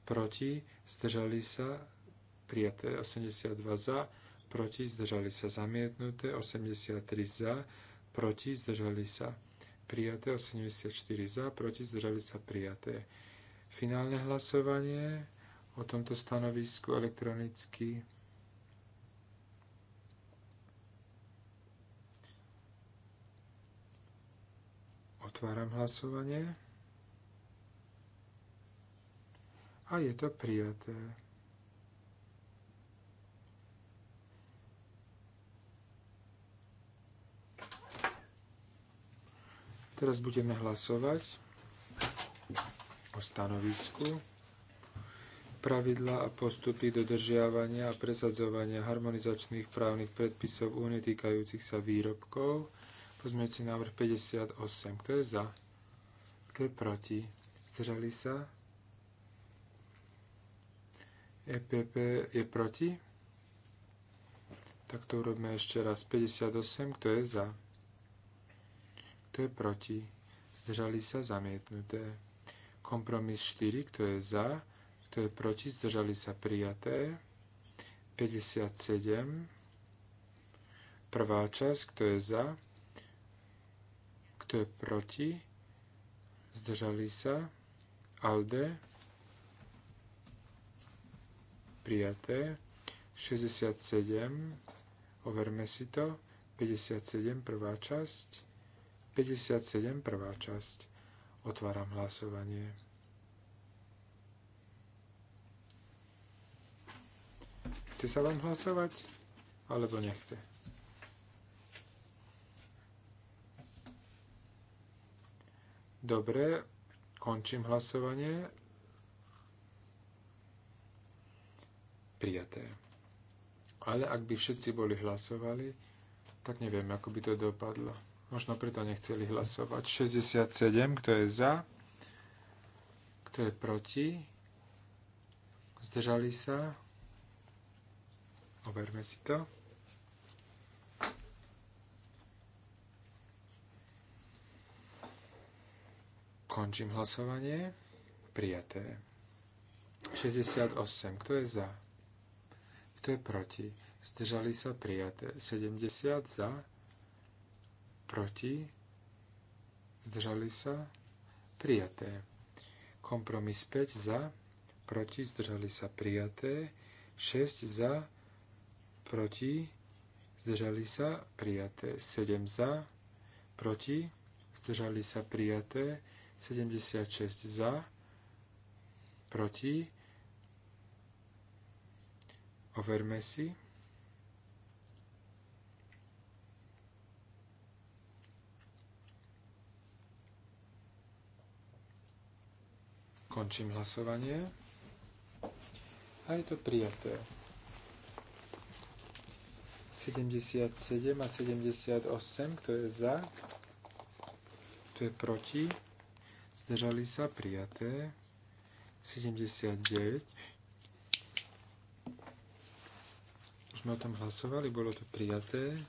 proti, zdržali sa prijaté 82 za, proti zdržali sa zamietnuté 83 za, proti zdržali sa prijaté 84 za, proti zdržali sa prijaté. Finálne hlasovanie o tomto stanovisku elektronicky. Otváram hlasovanie. A je to prijaté. Teraz budeme hlasovať o stanovisku pravidla a postupy dodržiavania a presadzovania harmonizačných právnych predpisov únie týkajúcich sa výrobkov. Pozmeňujúci návrh 58. Kto je za? Kto je proti? Zdržali sa? EPP je proti? Tak to urobme ešte raz. 58. Kto je za? je proti, zdržali sa, zamietnuté. Kompromis 4, kto je za, kto je proti, zdržali sa, prijaté. 57, prvá časť, kto je za, kto je proti, zdržali sa, ALDE, prijaté, 67, overme si to, 57, prvá časť, 57, prvá časť. Otváram hlasovanie. Chce sa vám hlasovať? Alebo nechce? Dobre, končím hlasovanie. Prijaté. Ale ak by všetci boli hlasovali, tak neviem, ako by to dopadlo. Možno preto nechceli hlasovať. 67, kto je za, kto je proti, zdržali sa. Overme si to. Končím hlasovanie. Prijaté. 68. Kto je za? Kto je proti? Zdržali sa prijaté. 70 za proti, zdržali sa, prijaté. Kompromis 5 za, proti, zdržali sa, prijaté. 6 za, proti, zdržali sa, prijaté. 7 za, proti, zdržali sa, prijaté. 76 za, proti, overme si. Končím hlasovanie. A je to prijaté. 77 a 78, kto je za, kto je proti, zdržali sa, prijaté. 79, už sme o tom hlasovali, bolo to prijaté.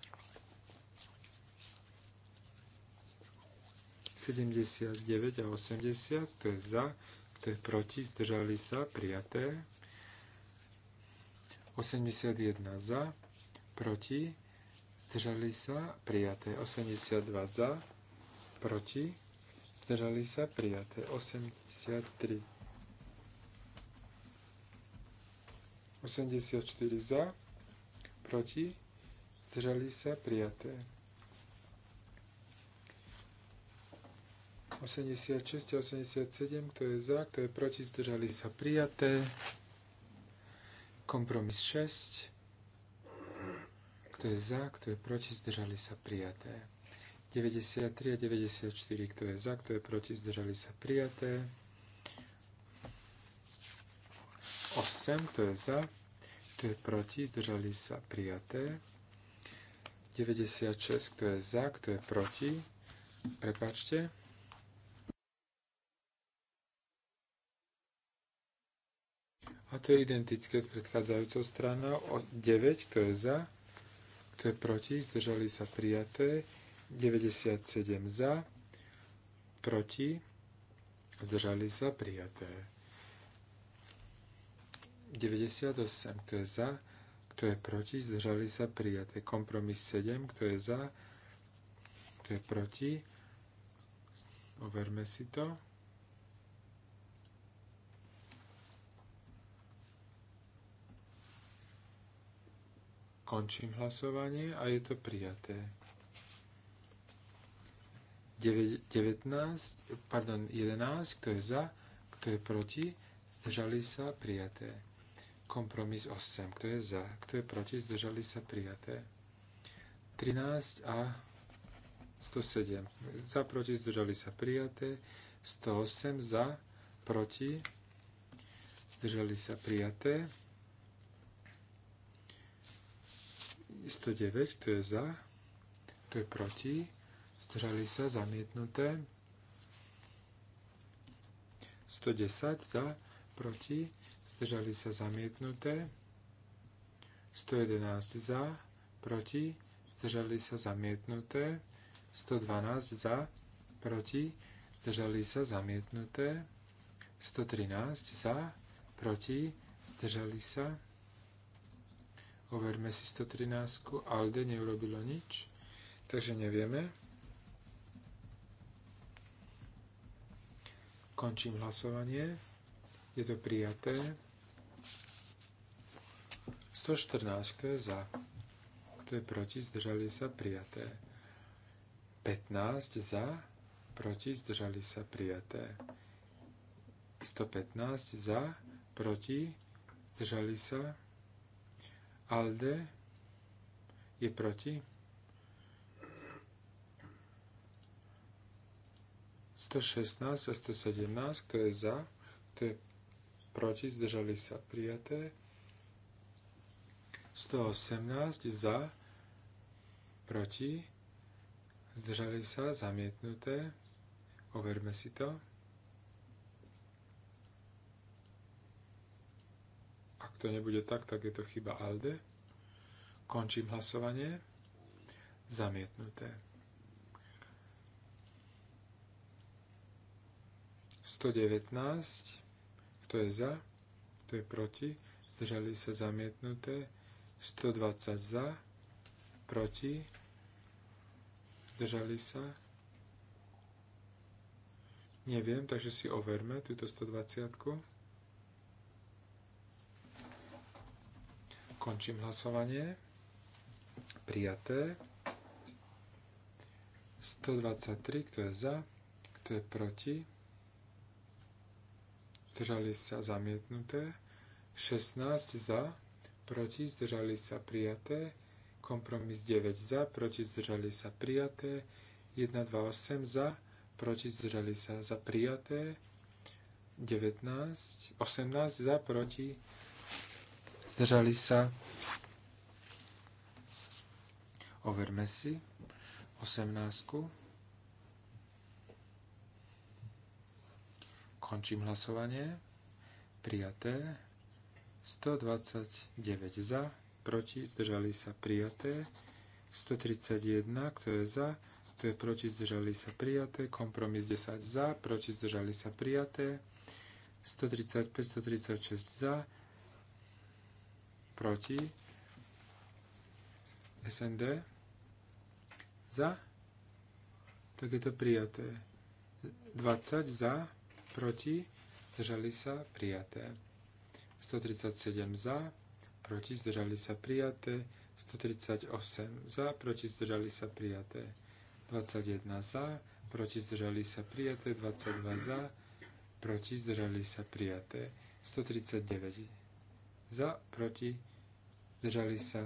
79 a 80, to je za, to je proti, zdržali sa, prijaté. 81 za, proti, zdržali sa, prijaté. 82 za, proti, zdržali sa, prijaté. 83. 84 za, proti, zdržali sa, prijaté. 86 a 87, kto je za, kto je proti, zdržali sa prijaté. Kompromis 6, kto je za, kto je proti, zdržali sa prijaté. 93 a 94, kto je za, kto je proti, zdržali sa prijaté. 8, kto je za, kto je proti, zdržali sa prijaté. 96, kto je za, kto je proti, prepačte, A to je identické s predchádzajúcou stranou. O 9, kto je za, kto je proti, zdržali sa prijaté. 97 za, proti, zdržali sa prijaté. 98, kto je za, kto je proti, zdržali sa prijaté. Kompromis 7, kto je za, kto je proti, overme si to. Končím hlasovanie a je to prijaté. 19, pardon, 11, kto je za, kto je proti, zdržali sa, prijaté. Kompromis 8, kto je za, kto je proti, zdržali sa, prijaté. 13 a 107, za, proti, zdržali sa, prijaté. 108 za, proti, zdržali sa, prijaté. 109, kto je za, kto je proti, zdržali sa, zamietnuté. 110 za, proti, zdržali sa, zamietnuté. 111 za, proti, zdržali sa, zamietnuté. 112 za, proti, zdržali sa, zamietnuté. 113 za, proti, zdržali sa, zamietnuté. Overme si 113. Alde neurobilo nič, takže nevieme. Končím hlasovanie. Je to prijaté. 114, kto je za? Kto je proti? Zdržali sa prijaté. 15 za, proti, zdržali sa prijaté. 115 za, proti, zdržali sa Alde je proti. 116 a 117, kto je za, kto je proti, zdržali sa prijaté. 118 za, proti, zdržali sa, zamietnuté. Overme si to. to nebude tak, tak je to chyba ALDE. Končím hlasovanie. Zamietnuté. 119. Kto je za? Kto je proti? Zdržali sa zamietnuté. 120 za. Proti. Zdržali sa. Neviem, takže si overme túto 120. -ku. Končím hlasovanie. Prijaté. 123, kto je za, kto je proti. Zdržali sa zamietnuté. 16 za, proti, zdržali sa prijaté. Kompromis 9 za, proti, zdržali sa prijaté. 8 za, proti, zdržali sa za prijaté. 19, 18 za, proti, zdržali sa. Overme si 18. Končím hlasovanie. Prijaté. 129 za, proti, zdržali sa prijaté. 131, kto je za, kto je proti, zdržali sa prijaté. Kompromis 10 za, proti, zdržali sa prijaté. 135, 136 za, proti, SND, za, tak je to prijaté. 20 za, proti, zdržali sa, prijaté. 137 za, proti, zdržali sa, prijaté. 138 za, proti, zdržali sa, prijaté. 21 za, proti, zdržali sa, prijaté. 22 za, proti, zdržali sa, prijaté. 139 za, proti, Zdržali sa.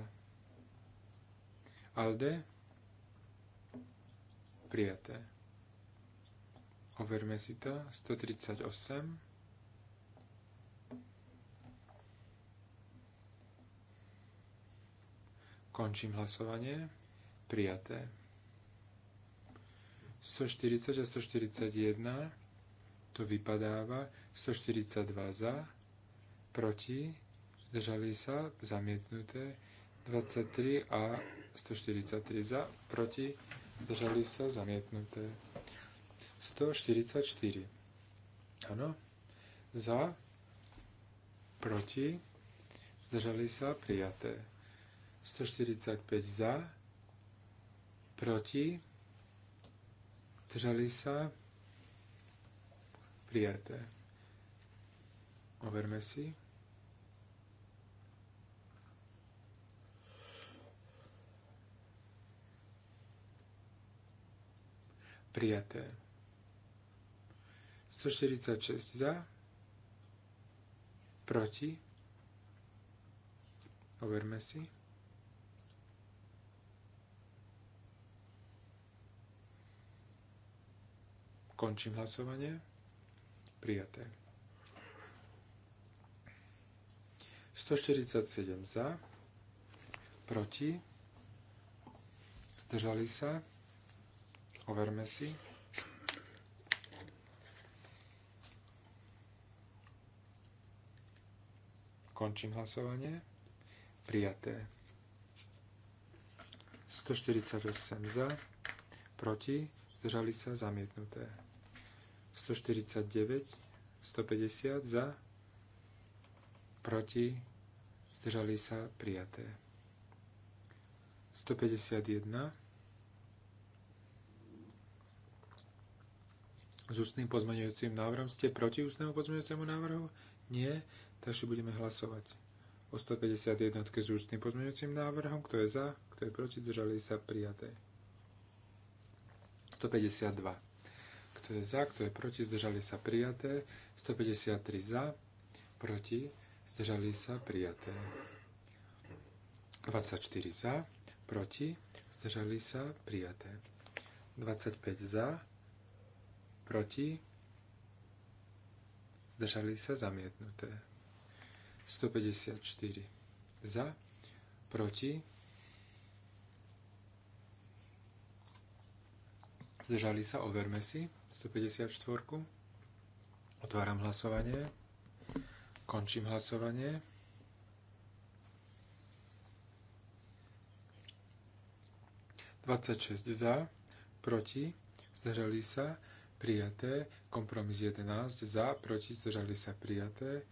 Alde. Prijaté. Overme si to. 138. Končím hlasovanie. Prijaté. 140 a 141 to vypadáva. 142 za, proti, zdržali sa, zamietnuté. 23 a 143 za, proti, zdržali sa, zamietnuté. 144. Áno. Za, proti, zdržali sa, prijaté. 145 za, proti, zdržali sa, prijaté. Overme si. prijaté. 146 za, proti, overme si. Končím hlasovanie. Prijaté. 147 za, proti, zdržali sa, Overme si. Končím hlasovanie. Prijaté. 148 za, proti, zdržali sa, zamietnuté. 149, 150 za, proti, zdržali sa, prijaté. 151 s ústnym pozmeňujúcim návrhom. Ste proti ústnemu pozmeňujúcemu návrhu? Nie, takže budeme hlasovať o 151 s ústnym pozmeňujúcim návrhom. Kto je za, kto je proti, zdržali sa prijaté. 152. Kto je za, kto je proti, zdržali sa prijaté. 153 za, proti, zdržali sa prijaté. 24 za, proti, zdržali sa prijaté. 25 za, proti, zdržali sa zamietnuté. 154 za, proti, zdržali sa, overme si 154. Otváram hlasovanie, končím hlasovanie. Dvadsaťšesť za, proti, zdržali sa, prijaté, kompromis 11 za, proti, zdržali sa prijaté,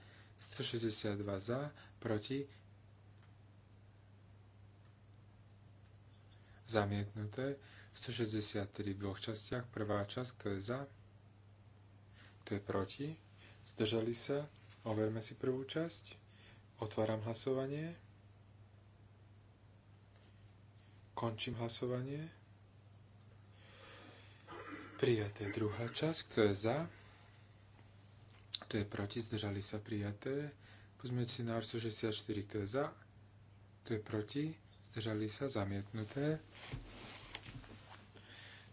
162 za, proti, zamietnuté, 163 v dvoch častiach, prvá časť, kto je za, kto je proti, zdržali sa, overme si prvú časť, otváram hlasovanie, končím hlasovanie, Prijaté druhá časť, kto je za, kto je proti, zdržali sa prijaté. si na 64, kto je za, kto je proti, zdržali sa zamietnuté.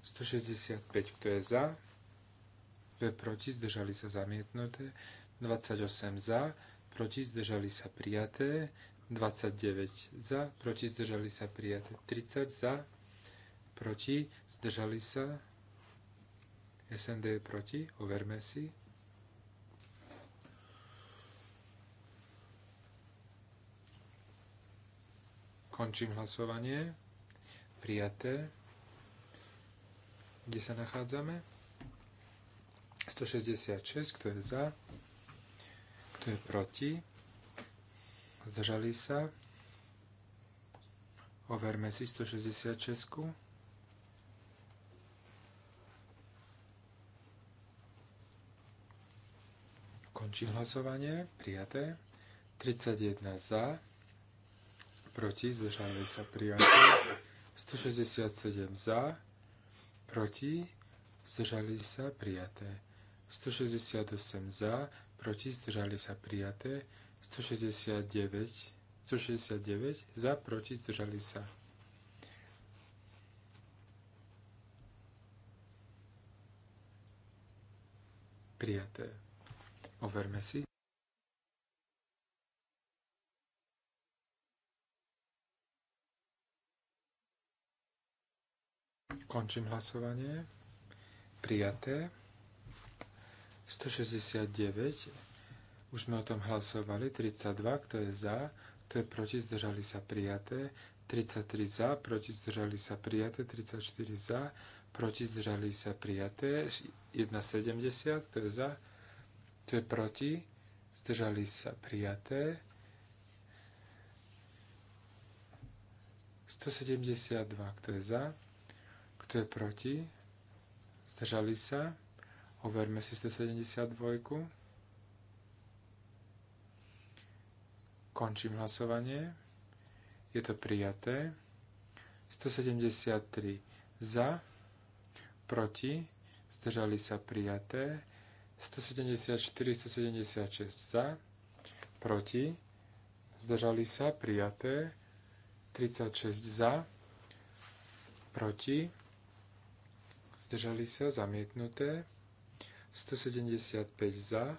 165, kto je za, kto je proti, zdržali sa zamietnuté. 28 za, proti, zdržali sa prijaté. 29 za, proti, zdržali sa prijaté. 30 za, proti, zdržali sa SND je proti, overme si. Končím hlasovanie. Prijaté. Kde sa nachádzame? 166, kto je za? Kto je proti? Zdržali sa? Overme si 166. Končím hlasovanie. Prijaté. 31 za. Proti. Zdržali sa prijaté. 167 za. Proti. Zdržali sa prijaté. 168 za. Proti. Zdržali sa prijaté. 169 169 za, proti, zdržali sa. Prijaté. Overme si. Končím hlasovanie. Prijaté. 169. Už sme o tom hlasovali. 32. Kto je za? Kto je proti? Zdržali sa prijaté. 33 za. Proti? Zdržali sa prijaté. 34 za. Proti? Zdržali sa prijaté. 1,70. Kto je za? Kto je proti? Zdržali sa prijaté. 172. Kto je za? Kto je proti? Zdržali sa. Overme si 172. Končím hlasovanie. Je to prijaté. 173 za, proti, zdržali sa prijaté. 174-176 za, proti, zdržali sa, prijaté, 36 za, proti, zdržali sa, zamietnuté, 175 za,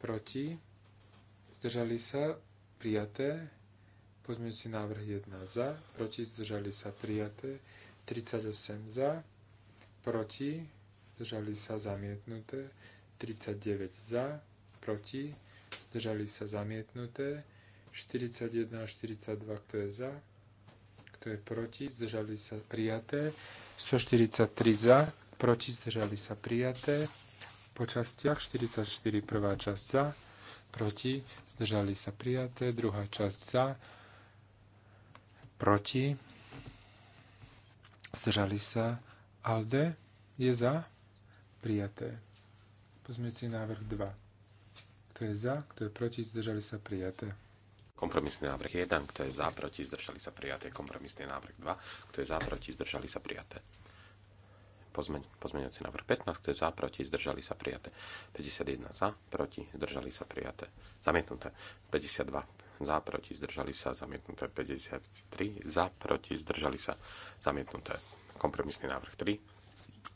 proti, zdržali sa, prijaté, pozmeňujúci návrh 1 za, proti, zdržali sa, prijaté, 38 za, proti, zdržali sa zamietnuté, 39 za, proti, zdržali sa zamietnuté, 41 a 42, kto je za, kto je proti, zdržali sa prijaté, 143 za, proti, zdržali sa prijaté, po častiach 44 prvá časť za, proti, zdržali sa prijaté, druhá časť za, proti, zdržali sa, Alde je za, prijaté. si návrh 2. Kto je za, kto je proti, zdržali sa prijaté. Kompromisný návrh 1, kto je za, proti, zdržali sa prijaté. Kompromisný návrh 2, kto je za, proti, zdržali sa prijaté. pozmeňujúci návrh 15, kto je za, proti, zdržali sa prijaté. 51 za, proti, zdržali sa prijaté. Zamietnuté. 52 za, proti, zdržali sa, zamietnuté. 53 za, proti, zdržali sa, zamietnuté. Kompromisný návrh 3,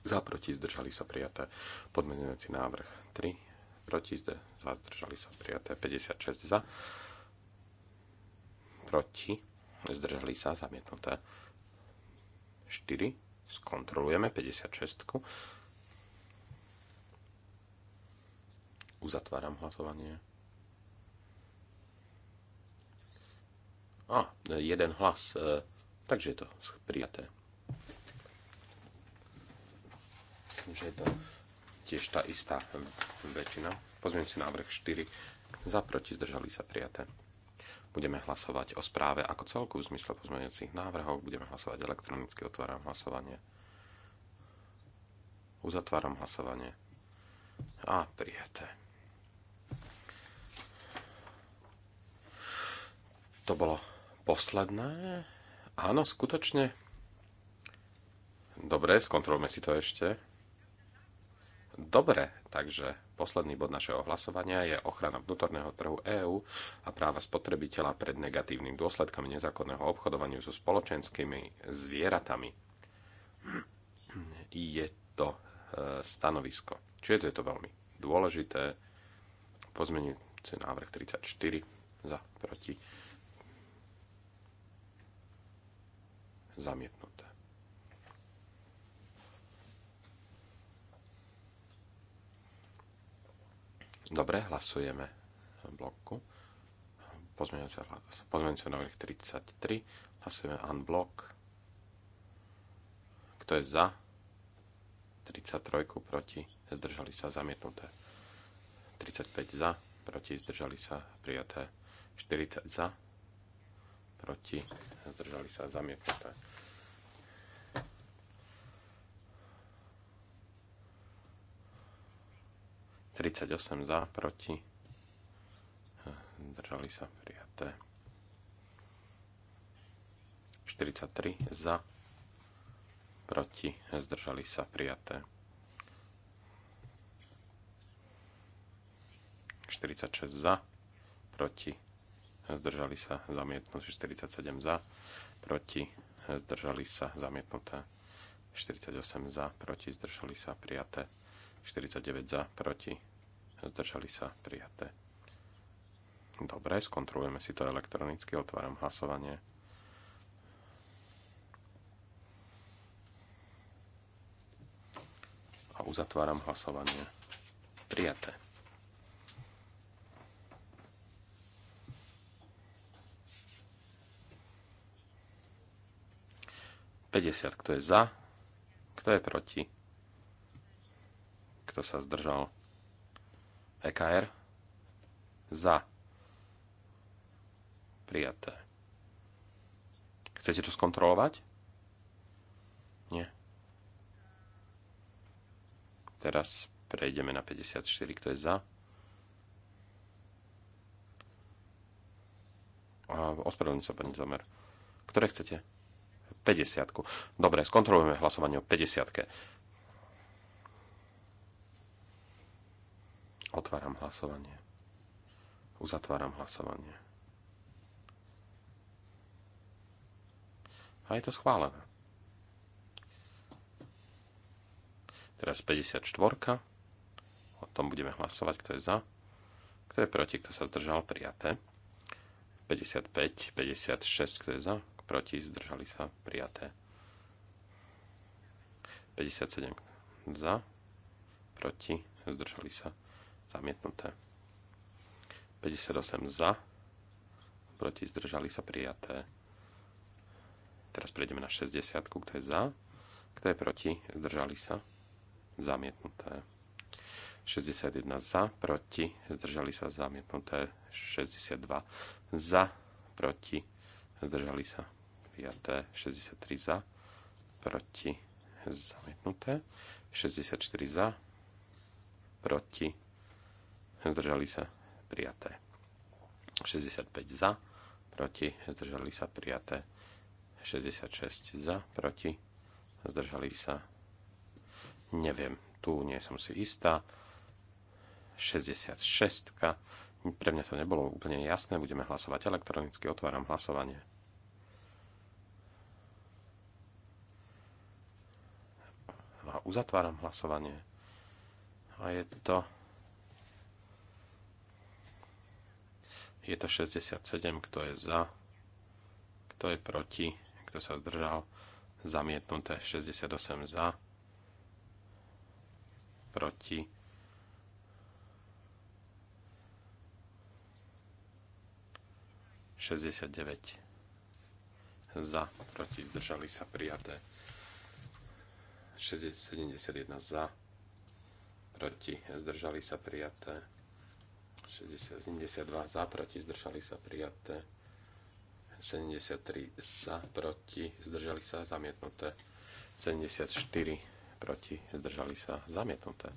za, proti, zdržali sa prijaté. Podmenujúci návrh 3. Proti, zde, za, zdržali sa prijaté. 56 za. Proti, zdržali sa, zamietnuté. 4. Skontrolujeme 56. Uzatváram hlasovanie. A, jeden hlas, e, takže je to prijaté myslím, že je to tiež tá istá väčšina. Pozmiem si návrh 4. Za proti zdržali sa prijaté. Budeme hlasovať o správe ako celku v zmysle pozmeňujúcich návrhov. Budeme hlasovať elektronicky. Otváram hlasovanie. Uzatváram hlasovanie. A prijaté. To bolo posledné. Áno, skutočne. Dobre, skontrolujme si to ešte. Dobre, takže posledný bod našeho hlasovania je ochrana vnútorného trhu EÚ a práva spotrebiteľa pred negatívnym dôsledkami nezákonného obchodovania so spoločenskými zvieratami. Je to e, stanovisko. Čiže to je to veľmi dôležité. si návrh 34 za proti. Zamietnuté. Dobre, hlasujeme v bloku. Pozmeňujúce návrh 33. Hlasujeme unblock. Kto je za? 33 proti. Zdržali sa zamietnuté. 35 za. Proti. Zdržali sa prijaté. 40 za. Proti. Zdržali sa zamietnuté. 38 za, proti. Držali sa prijaté. 43 za, proti. Zdržali sa prijaté. 46 za, proti. Zdržali sa zamietnuté. 47 za, proti. Zdržali sa zamietnuté. 48 za, proti. Zdržali sa prijaté. 49 za, proti zdržali sa prijaté. Dobre, skontrolujeme si to elektronicky, otváram hlasovanie. A uzatváram hlasovanie. Prijaté. kto je za, kto je proti, kto sa zdržal EKR. Za. Prijaté. Chcete to skontrolovať? Nie. Teraz prejdeme na 54, kto je za. Ospravedlňujem sa, pani Zomer. Ktoré chcete? 50. Dobre, skontrolujeme hlasovanie o 50. Otváram hlasovanie. Uzatváram hlasovanie. A je to schválené. Teraz 54. O tom budeme hlasovať, kto je za. Kto je proti, kto sa zdržal, prijaté. 55, 56, kto je za, proti, zdržali sa, prijaté. 57 za, proti, zdržali sa, prijaté zamietnuté. 58 za, proti zdržali sa prijaté. Teraz prejdeme na 60, kto je za, kto je proti, zdržali sa, zamietnuté. 61 za, proti, zdržali sa, zamietnuté. 62 za, proti, zdržali sa, prijaté. 63 za, proti, zamietnuté. 64 za, proti, zdržali sa prijaté. 65 za, proti, zdržali sa prijaté. 66 za, proti, zdržali sa. Neviem, tu nie som si istá. 66. Pre mňa to nebolo úplne jasné, budeme hlasovať elektronicky, otváram hlasovanie. A uzatváram hlasovanie. A je to Je to 67, kto je za, kto je proti, kto sa zdržal, zamietnuté 68 za, proti, za, proti, zdržali sa prijaté. 71 za, proti, zdržali sa prijaté. 60, 72 za, proti, zdržali sa prijaté. 73 za, proti, zdržali sa zamietnuté. 74 proti, zdržali sa zamietnuté.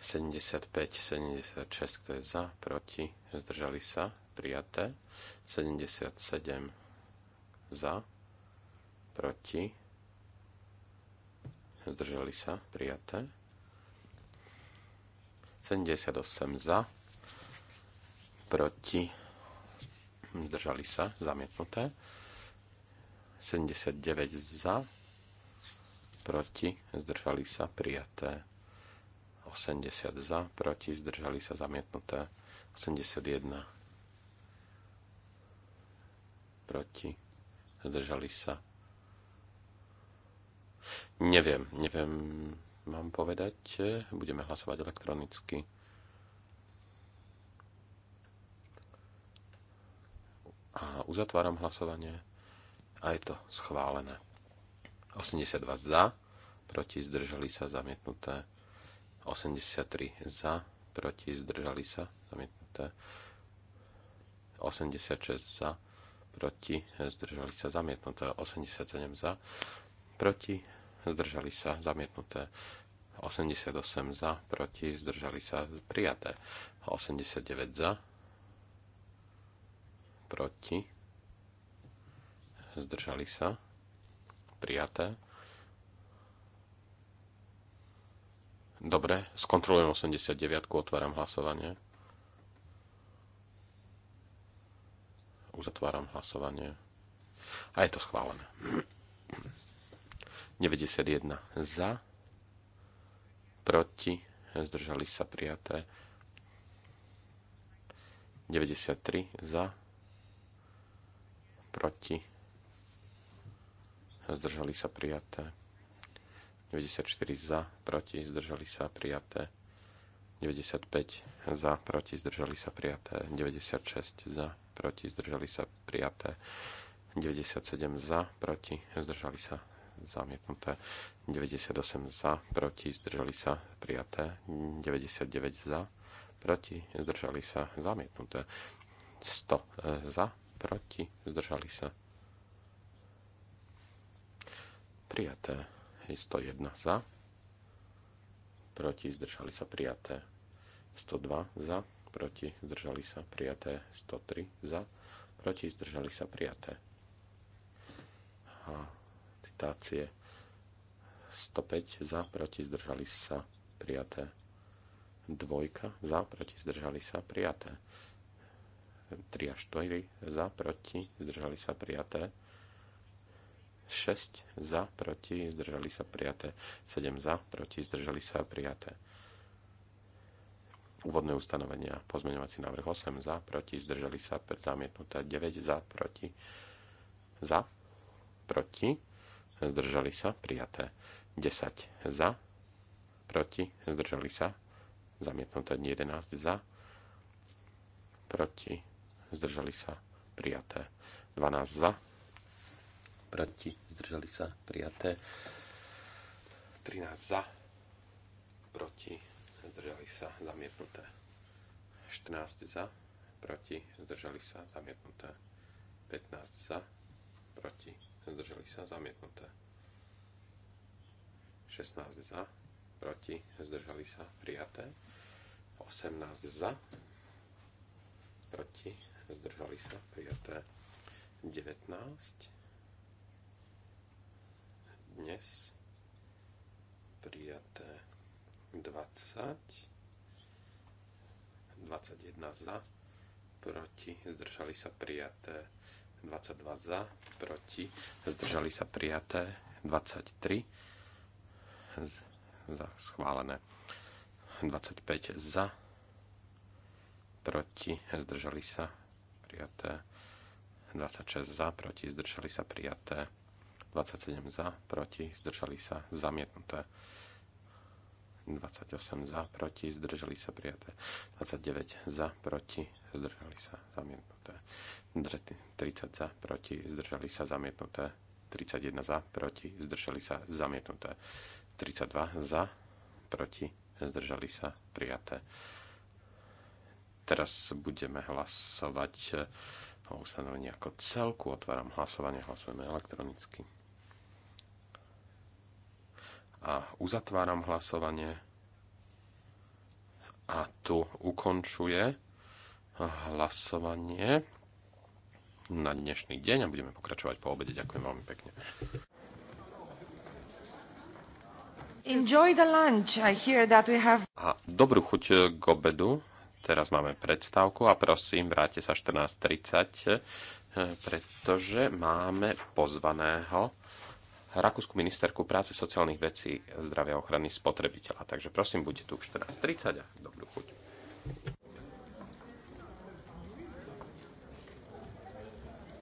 75, 76, kto je za, proti, zdržali sa, prijaté. 77 za, proti, zdržali sa, prijaté. 78 za, proti, zdržali sa, zamietnuté. 79 za, proti, zdržali sa, prijaté. 80 za, proti, zdržali sa, zamietnuté. 81 proti, zdržali sa. Neviem, neviem, mám povedať. Budeme hlasovať elektronicky. A uzatváram hlasovanie a je to schválené. 82 za, proti zdržali sa zamietnuté. 83 za, proti zdržali sa zamietnuté. 86 za, proti zdržali sa zamietnuté. 87 za, proti zdržali sa zamietnuté. 88 za, proti zdržali sa prijaté. 89 za, proti, zdržali sa, prijaté. Dobre, skontrolujem 89, otváram hlasovanie. Uzatváram hlasovanie. A je to schválené. 91 za, proti, zdržali sa prijaté. 93 za, proti, zdržali sa prijaté. 94 za, proti, zdržali sa prijaté. 95 za, proti, zdržali sa prijaté. 96 za, proti, zdržali sa prijaté. 97 za, proti, zdržali sa zamietnuté. 98 za, proti, zdržali sa prijaté. 99 za, proti, zdržali sa zamietnuté. 100 e, za, proti, zdržali sa. Prijaté je 101 za, proti, zdržali sa prijaté 102 za, proti, zdržali sa prijaté 103 za, proti, zdržali sa prijaté. A citácie 105 za, proti, zdržali sa prijaté. Dvojka za, proti, zdržali sa prijaté. 3 a 4 za, proti, zdržali sa prijaté. 6 za, proti, zdržali sa prijaté. 7 za, proti, zdržali sa prijaté. Úvodné ustanovenia. Pozmeňovací návrh 8 za, proti, zdržali sa zamietnuté. 9 za, proti, za, proti, zdržali sa prijaté. 10 za, proti, zdržali sa zamietnuté. 11 za, proti, zdržali sa, prijaté. 12 za, proti, zdržali sa, prijaté. 13 za, proti, zdržali sa, zamietnuté. 14 za, proti, zdržali sa, zamietnuté. 15 za, proti, zdržali sa, zamietnuté. 16 za, proti, zdržali sa, prijaté. 18 za, proti, zdržali sa prijaté 19 dnes prijaté 20 21 za proti zdržali sa prijaté 22 za proti zdržali sa prijaté 23 z, za schválené 25 za proti zdržali sa prijaté. 26 za, proti, zdržali sa prijaté. 27 za, proti, zdržali sa zamietnuté. 28 za, proti, zdržali sa prijaté. 29 za, proti, zdržali sa zamietnuté. 30 za, proti, zdržali sa zamietnuté. 31 za, proti, zdržali sa zamietnuté. 32 za, proti, zdržali sa prijaté. Teraz budeme hlasovať eh, o ustanovení ako celku. Otváram hlasovanie, hlasujeme elektronicky. A uzatváram hlasovanie. A tu ukončuje hlasovanie na dnešný deň a budeme pokračovať po obede. Ďakujem veľmi pekne. Enjoy the lunch. I hear that we have... A dobrú chuť eh, k obedu. Teraz máme predstavku a prosím, vráte sa 14.30, eh, pretože máme pozvaného rakúsku ministerku práce, sociálnych vecí, zdravia a ochrany spotrebiteľa. Takže prosím, buďte tu 14.30 a dobrú chuť.